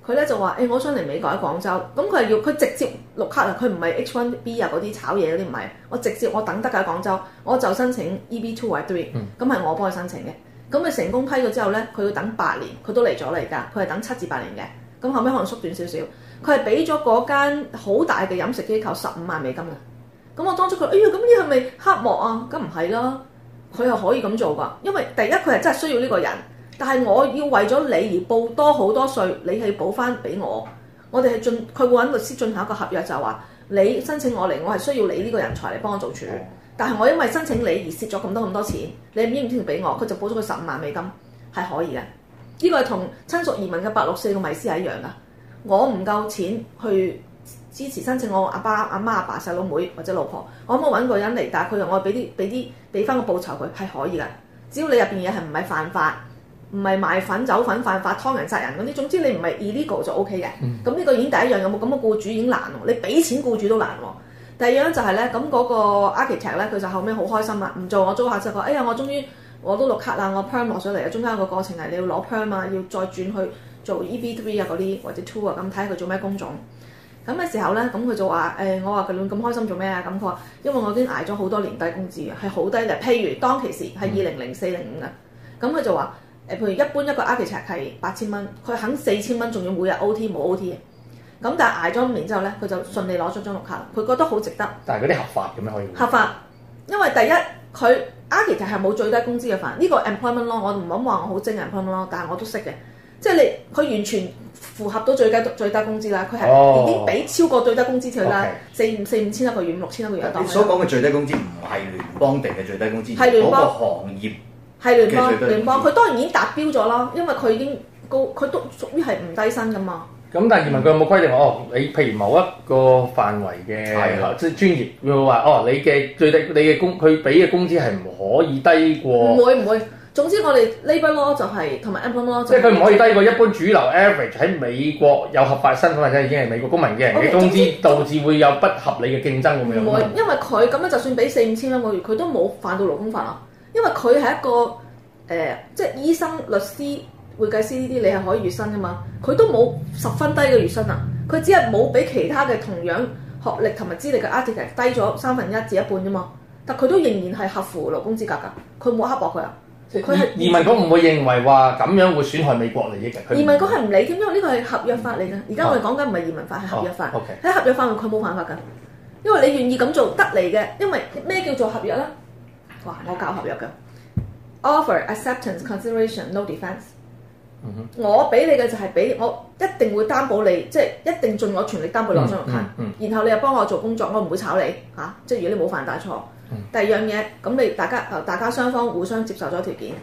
佢咧就話，誒、欸，我想嚟美國喺廣州，咁佢係要佢直接綠卡啊，佢唔係 H1B 啊嗰啲炒嘢嗰啲唔係，我直接我等得㗎喺廣州，我就申請 EB two or three，咁係我幫佢申請嘅。咁佢成功批咗之後咧，佢要等八年，佢都嚟咗嚟㗎，佢係等七至八年嘅，咁後尾可能縮短少少，佢係俾咗嗰間好大嘅飲食機構十五萬美金嘅。咁我當咗佢，哎呀，咁呢係咪黑幕啊？咁唔係啦，佢又可以咁做噶，因為第一佢係真係需要呢個人，但係我要為咗你而報多好多稅，你係補翻俾我，我哋係進，佢會揾律師進行一個合約就是說，就話你申請我嚟，我係需要你呢個人才嚟幫我做處理，但係我因為申請你而蝕咗咁多咁多錢，你應唔應付俾我？佢就補咗佢十五萬美金，係可以嘅。呢、這個係同親屬移民嘅八六四嘅迷思係一樣噶，我唔夠錢去。支持申請我阿爸，爸，阿媽，媽、阿爸細佬妹或者老婆，我可唔可以揾個人嚟？但係佢同我俾啲俾啲俾翻個報酬佢係可以噶，只要你入邊嘢係唔係犯法，唔係賣粉、走粉犯法、劏人、殺人嗰啲，總之你唔係 illegal 就 OK 嘅。咁、嗯、呢個已經第一樣，有冇咁嘅雇主已經難喎，你俾錢雇主都難喎。第二樣就係、是、咧，咁嗰個 architect 咧，佢就後尾好開心啊，唔做我租客就話，哎呀我終於我都落卡啦，我 perm 落上嚟啦，中間個過程係你要攞 perm 啊，要再轉去做 EB three 啊嗰啲或者 two 啊，咁睇下佢做咩工種。咁嘅時候咧，咁佢就話、哎：，我話佢咁開心做咩啊？咁佢話：，因為我已經捱咗好多年低工資嘅，係好低嘅。譬如當其時係二零零四零五啊，咁、嗯、佢就話：，譬如一般一個 a r c h i t e c t u 八千蚊，佢肯四千蚊，仲要每日 OT 冇 OT 咁，但係捱咗年之後咧，佢就順利攞咗張綠卡，佢覺得好值得。但係嗰啲合法咁樣可以。合法，因為第一佢 a r c h i t e c t 係冇最低工資嘅範，呢、這個 employment law 我唔敢話我好精人 p l o m e n a l，但係我都識嘅，即係你佢完全。符合到最低最低工資啦，佢係已經俾超過最低工資條啦，四四五千一個月，五六千一個月。六千一個月你所講嘅最低工資唔係聯邦定嘅最低工資，係聯邦行業。係聯邦聯邦，佢、那個、當然已經達標咗啦，因為佢已經高，佢都屬於係唔低薪噶嘛。咁、嗯、但係移民佢有冇規定？哦，你譬如某一個範圍嘅係啦，即係專業佢會話會會哦，你嘅最低你嘅工，佢俾嘅工資係唔可以低過。唔會唔會。總之，我哋 labor Law 就係同埋 employer 咯，即係佢唔可以低過一般主流 average 喺美國有合法的身份或者已經係美國公民嘅人嘅工資，導致會有不合理嘅競爭，咁樣唔會，因為佢咁樣就算俾四五千蚊個月，佢都冇犯到勞工法啊。因為佢係一個誒、呃，即係醫生、律師、會計師呢啲，你係可以月薪㗎嘛。佢都冇十分低嘅月薪啊，佢只係冇俾其他嘅同樣學歷同埋資歷嘅 article 低咗三分一至一半啫嘛。但佢都仍然係合乎勞工資格㗎，佢冇刻薄佢啊。佢係移民局唔會認為話咁樣會損害美國利益嘅。移民局係唔理㗎，因為呢個係合約法嚟㗎。而家我哋講緊唔係移民法，係合約法。喺、oh, okay. 合約法，佢冇辦法㗎。因為你願意咁做得嚟嘅，因為咩叫做合約咧？哇！我教合約㗎。Mm-hmm. Offer, acceptance, consideration, no defense. 我俾你嘅就係俾我，一定會擔保你，即、就、係、是、一定盡我全力擔保你信用卡。Mm-hmm. 然後你又幫我做工作，我唔會炒你即係、啊就是、如果你冇犯大錯。第二樣嘢咁你大家啊，大家雙方互相接受咗條件，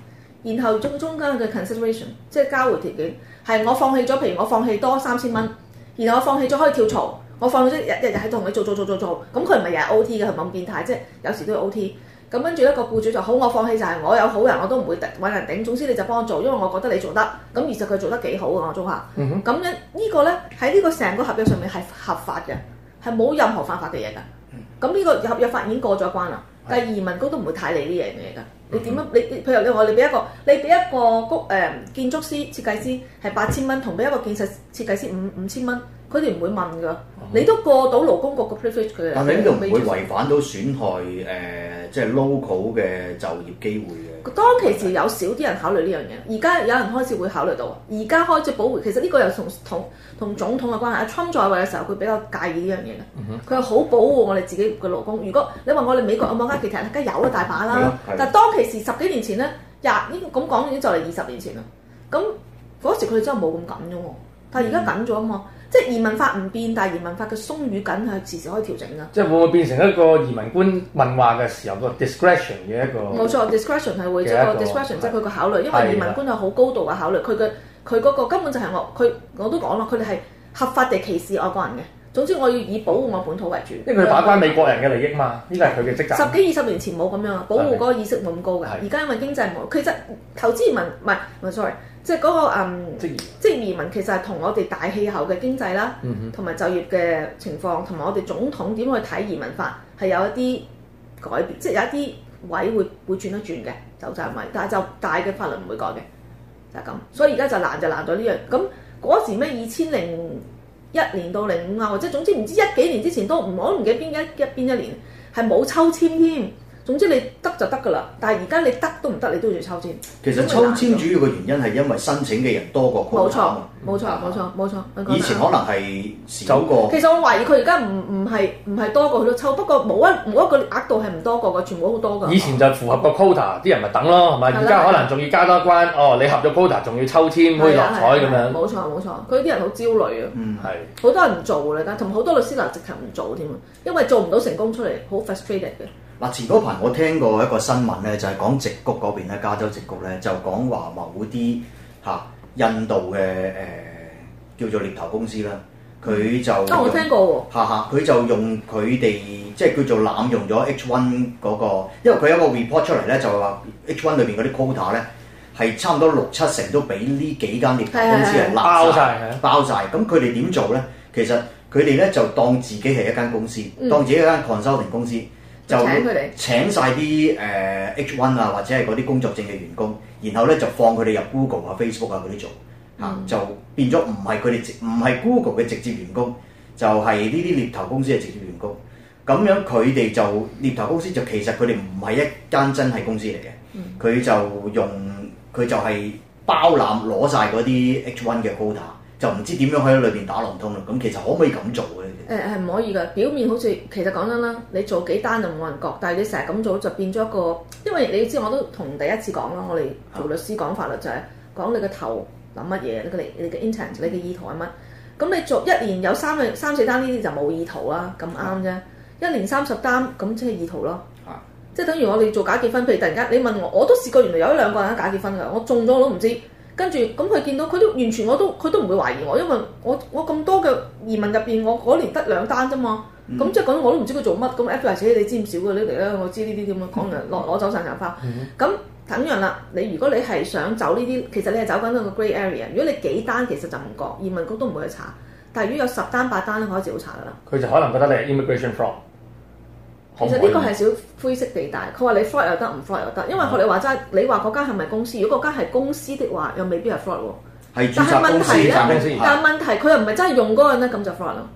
然後中中間嘅 consideration 即係交換條件，係我放棄咗，譬如我放棄多三千蚊，然後我放棄咗可以跳槽，我放棄咗日日日喺度同你做做做做做，咁佢唔係日日 O T 嘅，係唔係咁變態？即係有時都要 O T。咁跟住一個僱主就好，我放棄就係我有好人我都唔會揾人頂，總之你就幫我做，因為我覺得你做得咁，而實佢做得幾好啊，我中下。咁、嗯、樣、這個、呢在這個咧喺呢個成個合約上面係合法嘅，係冇任何犯法嘅嘢㗎。咁呢個合約法已經過咗關啦。但係移民局都唔會睇你呢樣嘢㗎。你點樣？你，你譬如你話你俾一個，你俾一個局、嗯、建築師、設計師係八千蚊，同畀一個建設設，設計師五五千蚊。佢哋唔會問㗎、哦，你都過到勞工局嘅 preface 佢哋。但係呢度唔會違反到損害誒，即、呃、係、就是、local 嘅就業機會嘅。當其時有少啲人考慮呢樣嘢，而家有人開始會考慮到。而家開始保護，其實呢個又同同同總統嘅關係。阿川在位嘅時候，佢比較介意呢樣嘢嘅，佢係好保護我哋自己嘅勞工。如果你話我哋美國嘅網家其實梗係有啦，大把啦。但係當其時十幾年前咧，廿呢咁講已經就嚟二十年前啦。咁嗰時佢哋真係冇咁緊啫喎，但係而家緊咗啊嘛。嗯即係移民法唔變，但係移民法嘅鬆與緊係時時可以調整嘅。即係會唔會變成一個移民官問話嘅時候個 discretion 嘅一,一個？冇錯，discretion 係會即係個 discretion 即係佢個考慮，因為移民官係好高度嘅考慮。佢嘅佢嗰個根本就係我佢我都講啦，佢哋係合法地歧視外國人嘅。總之我要以保護我本土為主。因為佢把關美國人嘅利益嘛，呢個係佢嘅職責。十幾二十年前冇咁樣，保護嗰個意識冇咁高㗎。而家因為經濟，唔好，其實投資移民唔係唔係 sorry。即係、那、嗰個嗯，即係移民其實係同我哋大氣候嘅經濟啦，同、嗯、埋就業嘅情況，同埋我哋總統點去睇移民法係有一啲改變，即係有一啲位會會轉一轉嘅就就係咪？但係就大嘅法律唔會改嘅就係、是、咁。所以而家就難就難咗呢樣。咁嗰時咩？二千零一年到零五啊，或者總之唔知一幾年之前都唔我唔記得邊一一邊一年係冇抽籤添。總之你得就得㗎啦，但係而家你得都唔得，你都要抽籤。其實抽籤主要嘅原因係因為申請嘅人多過 quota。冇錯，冇、啊、錯，冇、啊、錯，冇、啊、錯。以前可能係少過。其實我懷疑佢而家唔唔係唔係多過佢都抽，不過冇一冇一個額度係唔多過嘅，全部都好多㗎。以前就符合個 quota，啲人咪等咯，係咪？而家可能仲要加多一關哦，你合咗 quota 仲要抽籤，可以落彩咁樣。冇錯冇錯，佢啲人好焦慮啊，係、嗯、好多人唔做㗎啦，同埋好多律師嗱直頭唔做添，因為做唔到成功出嚟，好 frustrated 嘅。嗱，前嗰排我聽過一個新聞咧，就係講矽谷嗰邊咧，加州矽谷咧，就講話某啲嚇、啊、印度嘅誒、呃、叫做獵頭公司啦，佢就冇聽過嚇嚇，佢就用佢哋，即係叫做濫用咗 H one 嗰個，因為佢有一個 report 出嚟咧，就係話 H one 裏邊嗰啲 quota 咧係差唔多六七成都俾呢幾間獵頭公司係攬曬，包曬，咁佢哋點做咧、嗯？其實佢哋咧就當自己係一間公司，當自己係一間 consulting 公司。嗯就請晒啲誒 H one 啊，或者係嗰啲工作證嘅員工，然後咧就放佢哋入 Google 啊、Facebook 啊嗰啲做，嚇、嗯、就變咗唔係佢哋直唔係 Google 嘅直接員工，就係呢啲獵頭公司嘅直接員工。咁樣佢哋就獵頭公司就其實佢哋唔係一間真係公司嚟嘅，佢、嗯、就用佢就係包攬攞晒嗰啲 H one 嘅 quota 就唔知點樣喺裏邊打龍通啦。咁其實可唔可以咁做嘅？誒係唔可以㗎，表面好似其實講真啦，你做幾單就冇人覺，但係你成日咁做就變咗一個，因為你知我都同第一次講啦，我哋做律師講法律、嗯、就係、是、講你個頭諗乜嘢，你個你你嘅 intent，你嘅意圖係乜？咁你做一年有三個三四單呢啲就冇意圖啊。咁啱啫。一年三十單咁即係意圖咯、嗯，即係等於我哋做假結婚，譬如突然間你問我，我都試過原來有一兩個人假結婚㗎，我中咗我都唔知。跟住咁佢見到佢都完全我都佢都唔會懷疑我，因為我我咁多嘅移民入面，我嗰年得兩單啫嘛，咁、嗯、即係講我都唔知佢做乜，咁誒，或者你唔少㗎。你嚟啦，我知呢啲點講嘅攞攞走散神花。咁、嗯、等、嗯、樣啦。你如果你係想走呢啲，其實你係走緊一個 grey area。如果你幾單其實就唔覺移民局都唔會去查，但如果有十單八單可以始好查噶啦。佢就可能覺得你係 immigration fraud。其實呢個係小灰色地帶，佢話你 fraud 又得，唔 fraud 又得，因為學、嗯、你話齋，你話嗰間係咪公司？如果嗰間係公司的話，又未必係 fraud 喎。係註冊公司，但係問題試試但係問題佢又唔係真係用嗰個人咧，咁就 fraud 咯。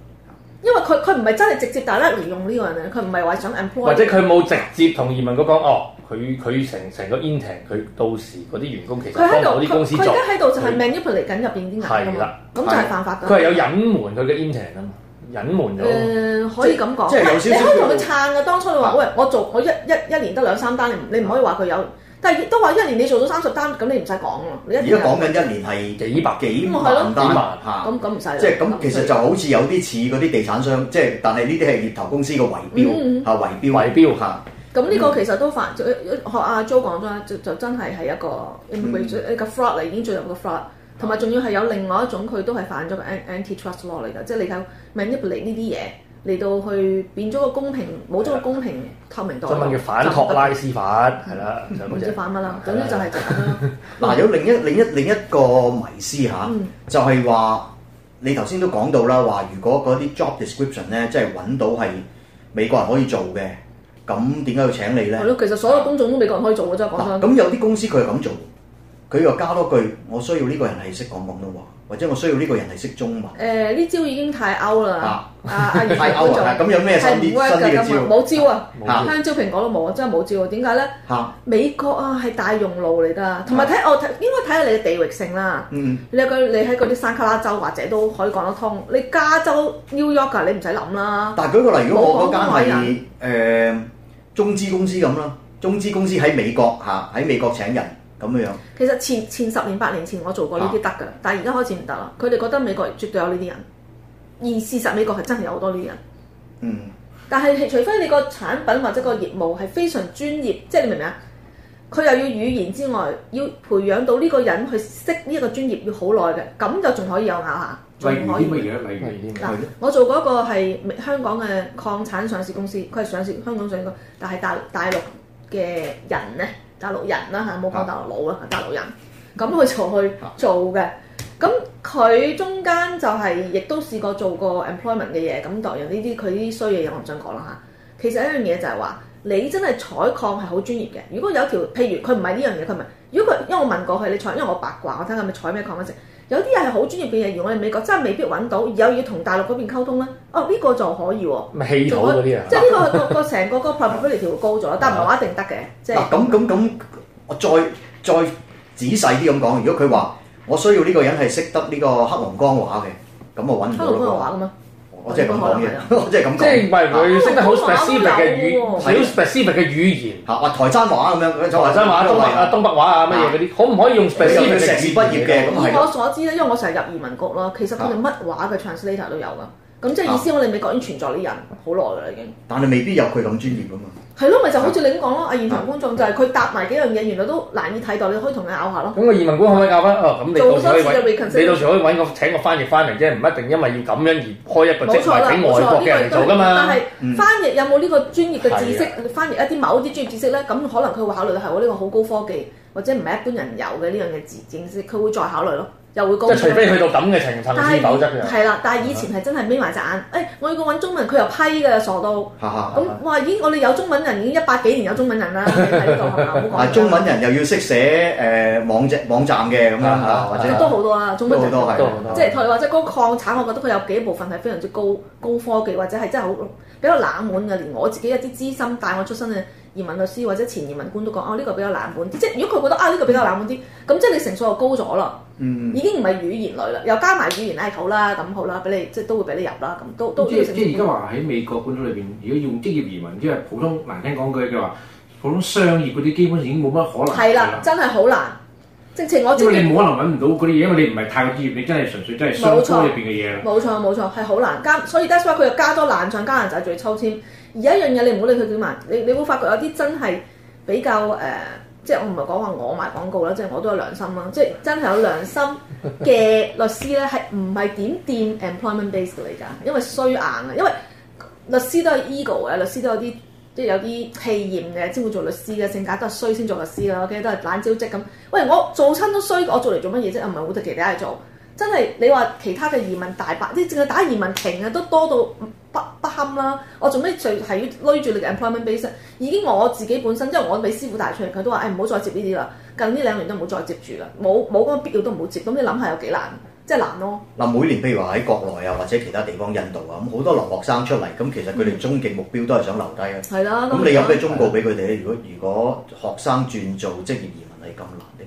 因為佢佢唔係真係直接大甩 r 用呢個人咧，佢唔係話想 employ 或者佢冇直接同移民局講，哦，佢佢成成個 intend 佢到時嗰啲員工其實佢喺度佢佢而家喺度就係 manipulate 緊入邊啲人，係啦，咁就係犯法嘅。佢係有隱瞞佢嘅 intend 啊嘛。嗯隱瞞咗、呃。可以咁講、即係，你可以同佢撐噶。當初你話，喂，我做，我一一一年得兩三單，你唔可以話佢有。但係都話一年你做咗三十單，咁你唔使講啦。而家講緊一年係幾百幾萬單咁咁唔使。即係咁，就是、其實就好似有啲似嗰啲地產商，即、就、係、是，但係呢啲係獵頭公司嘅圍標嚇，圍、嗯嗯、標圍、啊、標嚇。咁、嗯、呢個其實都煩，學阿 Jo 講咗，就就，就，就真係係一個，嗯、一個 fraud，你 fraud 已經進入個 fraud。同埋仲要係有另外一種，佢都係反咗個 anti-trust law 嚟㗎，即係你睇 manipulate 呢啲嘢嚟到去變咗個公平，冇咗個公平透明度。即係問叫反托拉斯法，係啦，就嗰隻。反乜啦？總之就係咁嗱，有另一另一另一個迷思嚇，就係、是、話你頭先都講到啦，話如果嗰啲 job description 咧，即係揾到係美國人可以做嘅，咁點解要請你咧？係咯，其實所有工種都美國人可以做嘅啫，講、就、真、是。咁有啲公司佢係咁做。佢又加多句，我需要呢個人係識講廣東話，或者我需要呢個人係識中文。誒、呃，呢招已經太 out 啦！啊，太 out 啦，咁有咩新招？冇招啊！香蕉蘋果都冇啊！真係冇招。點解咧？美國啊，係大用路嚟㗎，同埋睇我睇、啊、應該睇下你嘅地域性啦、啊。嗯，你你喺嗰啲山卡拉州或者都可以講得通。你加州、New York 啊，你唔使諗啦。但係舉個例，如果我嗰間係中資公司咁啦，中資公司喺美國吓喺美國請人。咁嘅樣，其實前前十年、八年前我做過呢啲得㗎，但係而家開始唔得啦。佢哋覺得美國絕對有呢啲人，而事實美國係真係有好多呢啲人。嗯。但係除非你個產品或者個業務係非常專業，即係你明唔明啊？佢又要語言之外，要培養到呢個人去識呢個專業要好耐嘅，咁就仲可以有咬下。仲可以？我做嗰個係香港嘅礦產上市公司，佢係上市香港上市公司，但係大大陸嘅人呢。大陸人啦嚇，冇講大陸佬啦，大陸人咁佢就去做嘅，咁、啊、佢中間就係、是、亦都試過做過 employment 嘅嘢，咁當然呢啲佢啲衰嘢嘢我唔想講啦嚇。其實一樣嘢就係話，你真係採礦係好專業嘅，如果有條譬如佢唔係呢樣嘢，佢唔係，如果佢因為我問過佢，你採因為我八卦，我聽佢咪採咩礦先？有啲人係好專業嘅人，而我哋美國真係未必揾到，又要同大陸嗰邊溝通咧。哦，呢、呢個就可以喎，氣妥嗰啲啊，即係呢個 個個成個 probability 調高咗，但係唔係話一定得嘅。嗱、即係，咁咁咁，我再再仔細啲咁講，如果佢話我需要呢個人係識得呢個黑龍江話嘅，咁我揾。黑龍江我即係咁講嘅，我即係咁講。即係唔係佢識得好 specific 嘅語 specific 嘅語言嚇、啊啊，台山話咁樣，台山話、東啊、東北話啊乜嘢嗰啲，可唔可以用 specific？以我所知咧，因為我成日入移民局咯，其實佢哋乜話嘅 translator 都有噶。咁即係意思，我哋美國已經存在啲人好耐啦，已、啊、經。但係未必有佢咁專業噶嘛。係咯，咪就好似你咁講咯。啊，現場觀眾就係佢搭埋幾樣嘢，原來都難以睇到，你可以同佢拗下咯。咁、那個移民官可唔可以拗翻？哦，咁你到時可你到時可以揾我請個翻譯翻嚟啫，唔一定因為要咁樣而開一個職位俾外國人嚟做噶嘛。但係翻譯有冇呢個專業嘅知識、嗯？翻譯一啲某啲專業知識咧，咁可能佢會考慮係我呢個好高科技，或者唔係一般人有嘅呢樣嘅知識，佢會再考慮咯。又會高。即係除非去到咁嘅程度先保質嘅。係啦，但係以前係真係眯埋隻眼、哎。我要個揾中文，佢又批嘅，傻到。咁、嗯，哇！已經我哋有中文人已經一百幾年有中文人啦。喺度學係中文人又要識寫誒、呃、網站嘅咁樣嚇，或者都好多啊，中文最多係。即係同你話，即係嗰個礦產，我覺得佢有幾部分係非常之高高科技，或者係真係好比較冷門嘅，連我自己一啲資深帶我出身嘅。移民律師或者前移民官都講：哦，呢、這個比較冷門啲，即係如果佢覺得啊，呢、這個比較冷門啲，咁、嗯、即係你成數又高咗啦。嗯。已經唔係語言類啦，又加埋語言入口啦，咁好啦，俾你即係都會俾你入啦。咁都都。都即係而家話喺美國本土裏邊，如果用職業移民，即係普通難聽講句嘅話，普通商業嗰啲基本上已經冇乜可能。係啦，真係好難。即我自己因可能找不到那些。因為你冇可能揾唔到嗰啲嘢，因為你唔係太過專業，你真係純粹真係商科入邊嘅嘢冇錯，冇錯，係好難加，所以 that's why 佢又加多難上加難仔係最抽籤。而有一樣嘢你唔好理佢點埋，你你會發覺有啲真係比較誒、呃，即係我唔係講話我賣廣告啦，即係我都有良心啦，即係真係有良心嘅律師咧，係唔係點掂 employment base 嚟㗎？因為衰硬啊，因為律師都係 ego 嘅，律師都係有啲即係有啲氣焰嘅先會做律師嘅，性格都係衰先做律師咯，跟、okay? 住都係懶招職咁。喂，我做親都衰，我做嚟做乜嘢啫？唔係好特其他嚟做，真係你話其他嘅移民大白，啲淨係打移民庭嘅都多到。不不堪啦、啊！我做咩最係要攞住你嘅 employment basis？、啊、已經我自己本身，即係我俾師傅帶出嚟，佢都話：誒唔好再接呢啲啦，近呢兩年都唔好再接住啦，冇冇嗰個必要都唔好接。咁你諗下有幾難？即係難咯。嗱，每年譬如話喺國內啊，或者其他地方，印度啊，咁好多留學生出嚟，咁其實佢哋終極目標都係想留低呀。係、嗯、啦。咁你有咩忠告俾佢哋咧？如果如果學生轉做職業移民係咁難的？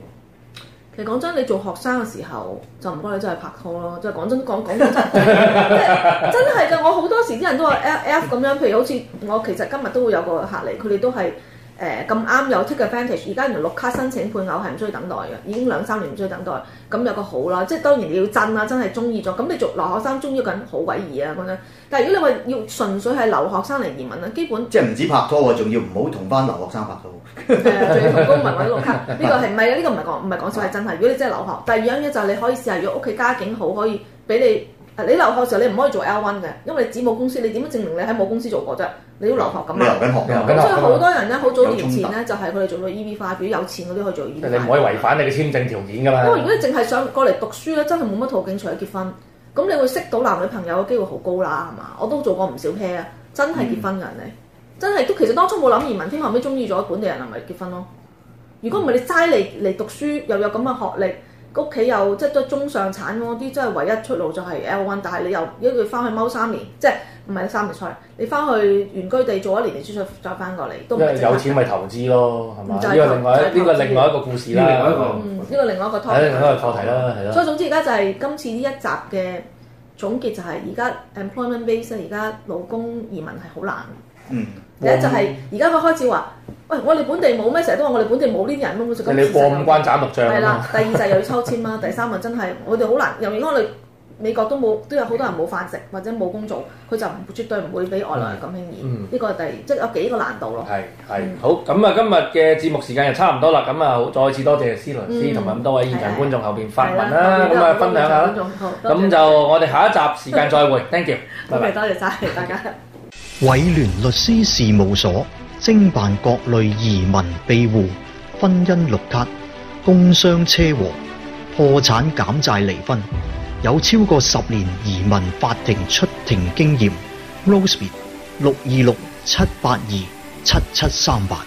其實講真，你做學生嘅時候就唔該你真係拍拖咯，即係講真講講真、 即係，真係㗎，我好多時啲人都話 F F 咁樣，譬如好似我其實今日都會有個客嚟，佢哋都係。誒，咁啱有 take advantage，而家原來綠卡申請配偶係唔需要等待嘅，已經兩三年唔需要等待，咁有個好啦，即係當然你要真啦，真係中意咗，咁你做留學生中意緊好鬼易啊咁樣，但係如果你話要純粹係留學生嚟移民咧，基本即係唔止拍拖喎，仲要唔好同返留學生拍拖，仲、呃、要同公民或者綠卡，呢 個係唔係啊？呢、 呢個唔係講唔係講笑係真係，如果你真係留學，第二樣嘢就係你可以試下，如果屋企家境好，可以俾你。你留學的時候你唔可以做 L1 嘅，因為你只母公司，你點樣證明你喺冇公司做過啫？你要留學咁，所以好多人咧，好早年前咧就係佢哋做咗 EB 快表，有，比如有錢嗰啲可以做 EV 化。EB 你唔可以違反你嘅簽證條件㗎嘛？不過如果你淨係想過嚟讀書咧，真係冇乜途徑，除咗結婚，咁你會識到男女朋友嘅機會好高啦，係嘛？我都做過唔少 pair 啊，真係結婚嘅人嚟、嗯，真係都其實當初冇諗移民，聽後尾中意咗本地人，咪、就是、結婚咯。如果唔係你齋嚟嚟讀書，又有咁嘅學歷。屋企有即都中上產咯，啲真係唯一出路就係 L one，但係你又一佢返翻去踎三年，即係唔係三年出嚟，Sorry, 你翻去原居地做一年，你出再再翻過嚟都唔。因為有錢咪投資咯，係咪？呢個另外呢個另外一個故事啦。呢個另外一個。係一個錯題啦，係咯。所以總之而家就係今次呢一集嘅總結就係而家 employment based 而家勞工移民係好難。嗯。第、嗯、一就係而家佢開始話，喂，我哋本地冇咩，成日都話我哋本地冇呢啲人咯，做咁、就是。你過五關斬六將。係啦，第二就又要抽籤啦， 第三個真係，我哋好難，尤其我哋美國都冇，都有好多人冇飯食或者冇工做，佢就絕對唔會俾外來人咁輕易。呢、嗯這個係第即係、就是、有幾個難度咯。係係、嗯、好，咁啊今日嘅節目時間又差唔多啦，咁啊再次多謝司徒律師同埋咁多位現場觀眾後邊發問啦，咁啊分享下，咁就我哋下一集時間再會 ，thank you，bye bye okay, 多謝晒大家。 偉聯律師事務所，精辦各類移民庇護、婚姻綠卡、工傷車禍、破產減債、離婚，有超過十年移民法庭出庭經驗。Rosby e 六二六七八二七七三八。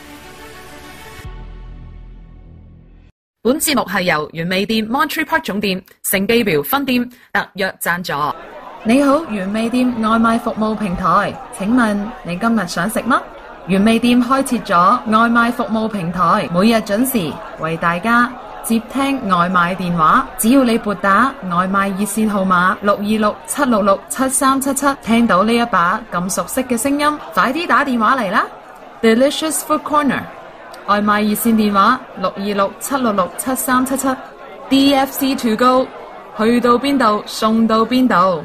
本節目係由原美店 Montreal Park 總店、聖貝表分店特約贊助。.你好，原味店外賣服務平台，請問你今日想食乜？原味店開設咗外賣服務平台，每日準時為大家接聽外賣電話。只要你撥打外賣熱線號碼六二六七六六七三七七，聽到呢一把咁熟悉嘅聲音，快啲打電話嚟啦！Delicious Food Corner 外賣熱線電話六二六七六六七三七七，DFC To Go 去到邊度，送到邊度。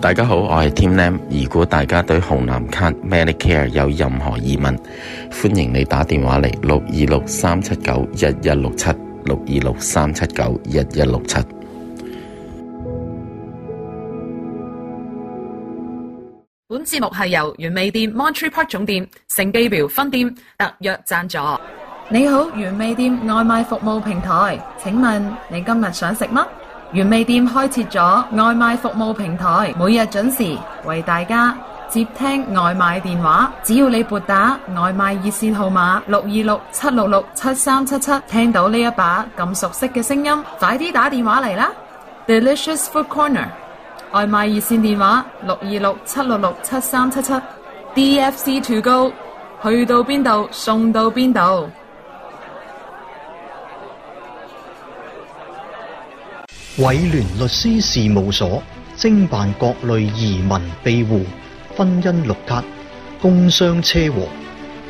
大家好，我係 Tim Lam。如果大家對紅藍卡 Medicare 有任何疑問，歡迎你打電話嚟六二六三七九一一六七六二六三七九一一六七。本節目係由原味店 Monterey Park 總店、聖蓋博分店特約贊助。你好，原味店外賣服務平台，請問你今日想食乜？原味店開設咗外賣服務平台，每日準時為大家接聽外賣電話。只要你撥打外賣熱線號碼六二六七六六七三七七，聽到呢一把咁熟悉嘅聲音，快啲打電話嚟啦！Delicious Food Corner，外賣熱線電話六二六七六六七三七七，DFC to go，去到邊度，送到邊度。偉聯律師事務所，偵辦各類移民庇護、婚姻綠卡、工傷車禍、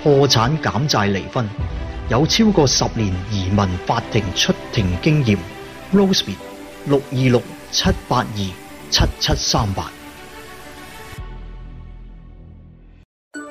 破產減債、離婚，有超過十年移民法庭出庭經驗。Rosebud 六二六七八二七七三八。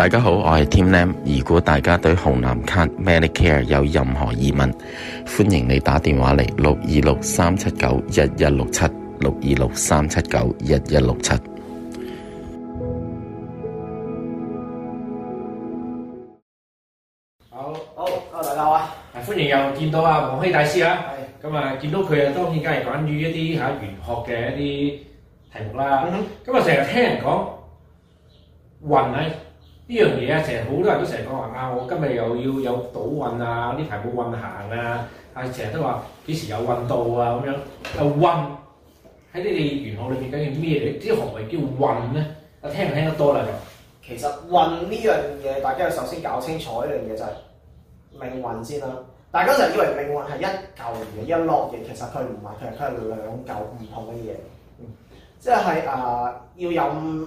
大家好，我係 Tim Lam。如果大家對紅藍卡 Medicare 有任何疑問，歡迎你打電話嚟六二六三七九一一六七六二六三七九一一六七。好好，大家好啊！歡迎又見到阿黃禧大師啊！咁啊，見到佢啊，當然梗係關於一啲吓玄學嘅一啲題目啦。咁、嗯、啊，成日聽人講運呢。呢樣嘢啊，成日好多人都成日講話，啊，我今日又要有賭運啊，呢排冇運行啊，啊，成日都話幾時有運到啊，咁樣啊。運，喺你哋玄學裏面究竟咩嚟，啲行為叫運咧，啊，啊嗯、聽唔聽得多啦？其實運呢樣嘢，大家要首先搞清楚一樣嘢就係命運先啦。大家就以為命運係一嚿嘢，一落嘢，其實佢唔係，其實佢係兩嚿唔同嘅嘢、嗯，即係啊、呃，要有。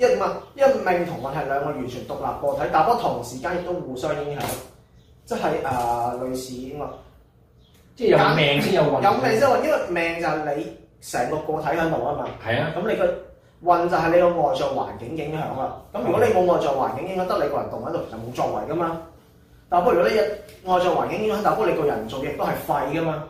一嘛，因為命同運係兩個完全獨立個體，但不過同時間亦都互相影響，即係誒、呃、類似呢個，即係有命先有運，有命先有運，因為命就係你成個個體喺度啊嘛。係啊，咁你個運就係你個外在環境影響啊。咁如果你冇外在環境影響，得你，你個人動喺度就冇作為噶嘛。但不過如果你一外在環境影響，但不過你個人做嘢都係廢噶嘛。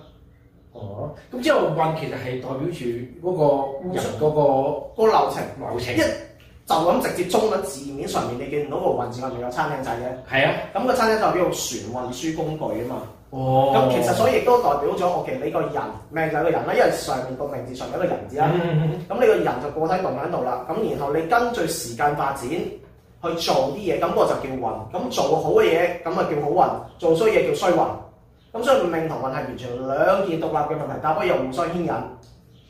哦，咁之後運其實係代表住嗰個人嗰個流程、嗰個、流程，流程一。就咁直接中咗字面上面，你見唔到個運字我仲有餐廳仔嘅？係啊，咁個餐廳就代表船運輸工具啊嘛。哦，咁其實所以亦都代表咗，我其實你個人命就係個人啦，因為上面個名字上面一個人字啦。咁、嗯嗯嗯、你個人就個體動喺度啦。咁然後你根據時間發展去做啲嘢，咁、那、我、個、就叫運。咁做好嘅嘢，咁啊叫好運；做衰嘢叫衰運。咁所以命同運係完全兩件獨立嘅問題，但係又互相牽引，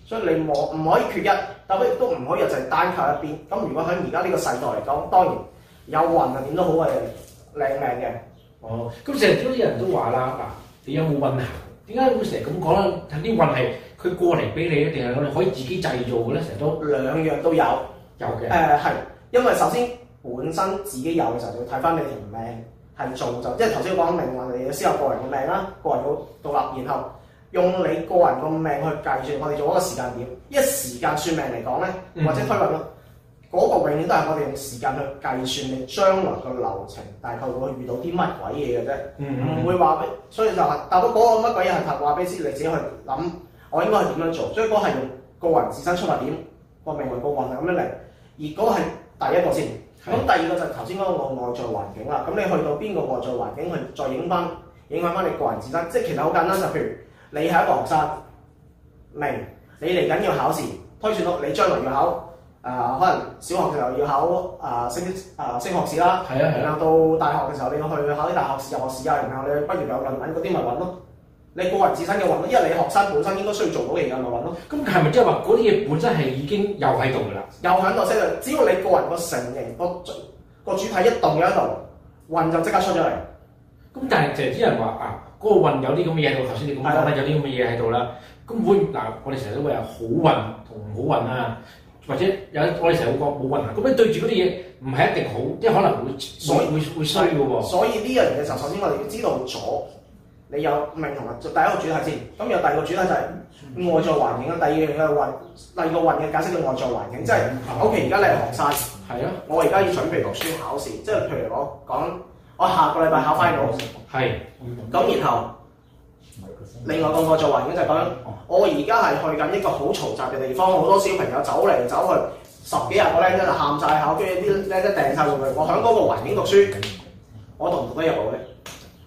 所以你冇唔可以缺一。亦都唔可以就係、是、單靠一邊。咁如果喺而家呢個世代嚟講，當然有運係點都好嘅，靚命嘅。哦。咁成日都啲人都話啦，嗱、啊，你有冇運行？點解會成日咁講咧？係啲運係佢過嚟俾你咧，定係我哋可以自己製造嘅咧？成日都兩樣都有。有嘅。誒、呃、係，因為首先本身自己有嘅時候，就要睇翻你條命係做就，即係頭先講命運，你要先有個人嘅命啦，個人要獨立，然後，用你個人個命去計算，我哋做一個時間點。一時間算命嚟講咧，或者推論咯，嗰、嗰個永遠都係我哋用時間去計算你將來個流程大概會遇到啲乜鬼嘢嘅啫，唔、嗯、會話俾。所以就係，達到嗰個乜鬼嘢係話俾你知你自己去諗，我應該係點樣做？所以嗰係用個人自身出發點個命運佈局係咁樣嚟。而嗰係第一個先，咁第二個就頭先嗰個外在環境啦。咁你去到邊個外在環境去再影翻影返翻你個人自身，即其實好簡單就譬如。你係一個學生，明？你嚟緊要考試，推算到你將來要考，誒、呃，可能小學嘅時候要考誒、呃、升誒、呃、升學試啦。係啊係啊。到大學嘅時候，你要去考啲大學士、入學試啊，然後你畢業有論文嗰啲咪揾咯。你個人自身嘅運咯，因為你學生本身應該需要做到嘅嘢咪揾咯。咁係咪即係話嗰啲嘢本身係已經又喺度嘅啦？又喺度升啦！只要你個人個成形個個主體一動咗喺度，運就即刻出咗嚟。咁但係成日啲人話啊，嗰、嗰個運有啲咁嘅嘢喺度，頭先你咁講有啲咁嘅嘢喺度啦。咁會嗱、啊，我哋成日都會有好運同唔好運啊，或者有我哋成日會講冇運。咁你對住嗰啲嘢唔係一定好，即可能會所以、嗯、會衰㗎喎。所以呢樣嘢就首先我哋要知道咗，你有命同埋就第一個主題先，咁有第二個主題就係外在環境啊。第二樣嘅運，第二個運嘅解釋叫外在環境，即、嗯、係、就是嗯、ok 而家你係學生，係啊，我而家要準備讀書考試，即、就、係、是、譬如我講。我下個禮拜考翻到，係咁，然後另外個外在環境就係咁樣，我而家係去緊一個好嘈雜嘅地方，好多小朋友走嚟走去，十幾廿個僆仔就喊晒口，跟住啲僆仔掟曬入去。我喺嗰個環境讀書，我讀唔讀得入去嘅？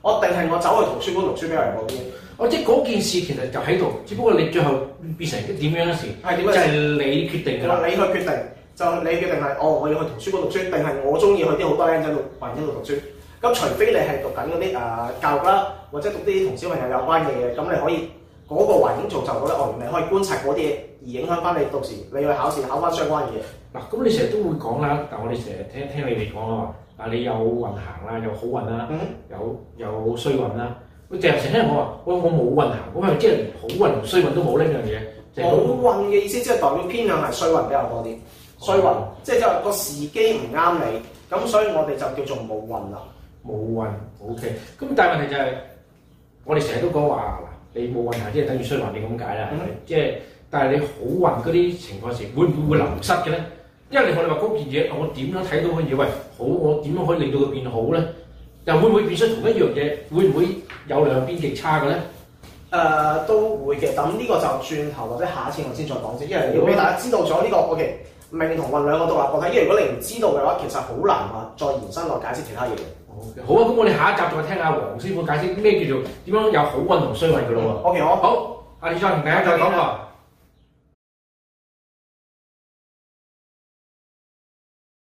我定係我走去圖書館讀書俾人入去？我、哦、即嗰件事其實就喺度，只不過你最後變成點樣嘅事？係點？就係、是、你決定嘅。你去決定，就你決定係哦，我要去圖書館讀書，定係我中意去啲好多僆仔度環境度讀書？咁除非你係讀緊嗰啲教育啦，或者讀啲同小朋友有關嘅嘢，咁你可以嗰個環境造就覺得哦，原來可以觀察嗰啲嘢而影響翻你到時，你去考試考翻相關嘢。嗱，咁你成日都會講啦，但我哋成日聽聽你哋講啦嘛。你有運行啦，有好運啦，mm -hmm. 有有衰運啦。我成日成日聽人講話，我我冇運行，咁係即係連好運衰運都冇呢樣嘢？冇運嘅意思即係代表偏向係衰運比較多啲，衰運即係即係個時機唔啱你，咁所以我哋就叫做冇運啦。冇運，O K。咁、okay. 但係問題就係，我哋成日都講話，嗱，你冇運啊，即係等於衰運，你咁解啦。即係，但係你好運嗰啲情況時，會唔會會流失嘅咧？因為我哋話嗰件嘢，我點樣睇到嗰樣嘢？喂，好，我點樣可以令到佢變好咧？又會唔會變出同一樣嘢？會唔會有兩邊極差嘅咧？誒、呃，都會嘅。咁呢個就轉頭或者下一次我先再講先，因為如果俾大家知道咗呢個 O K。Okay, 命同運兩個獨立，我睇，因為如果你唔知道嘅話，其實好難話再延伸落解釋其他嘢。Okay. 好啊，咁我哋下一集再聽下黃師傅解釋咩叫做點樣有好運同衰運嘅咯喎。Okay, OK，好，好，阿李生，唔該，再講喎。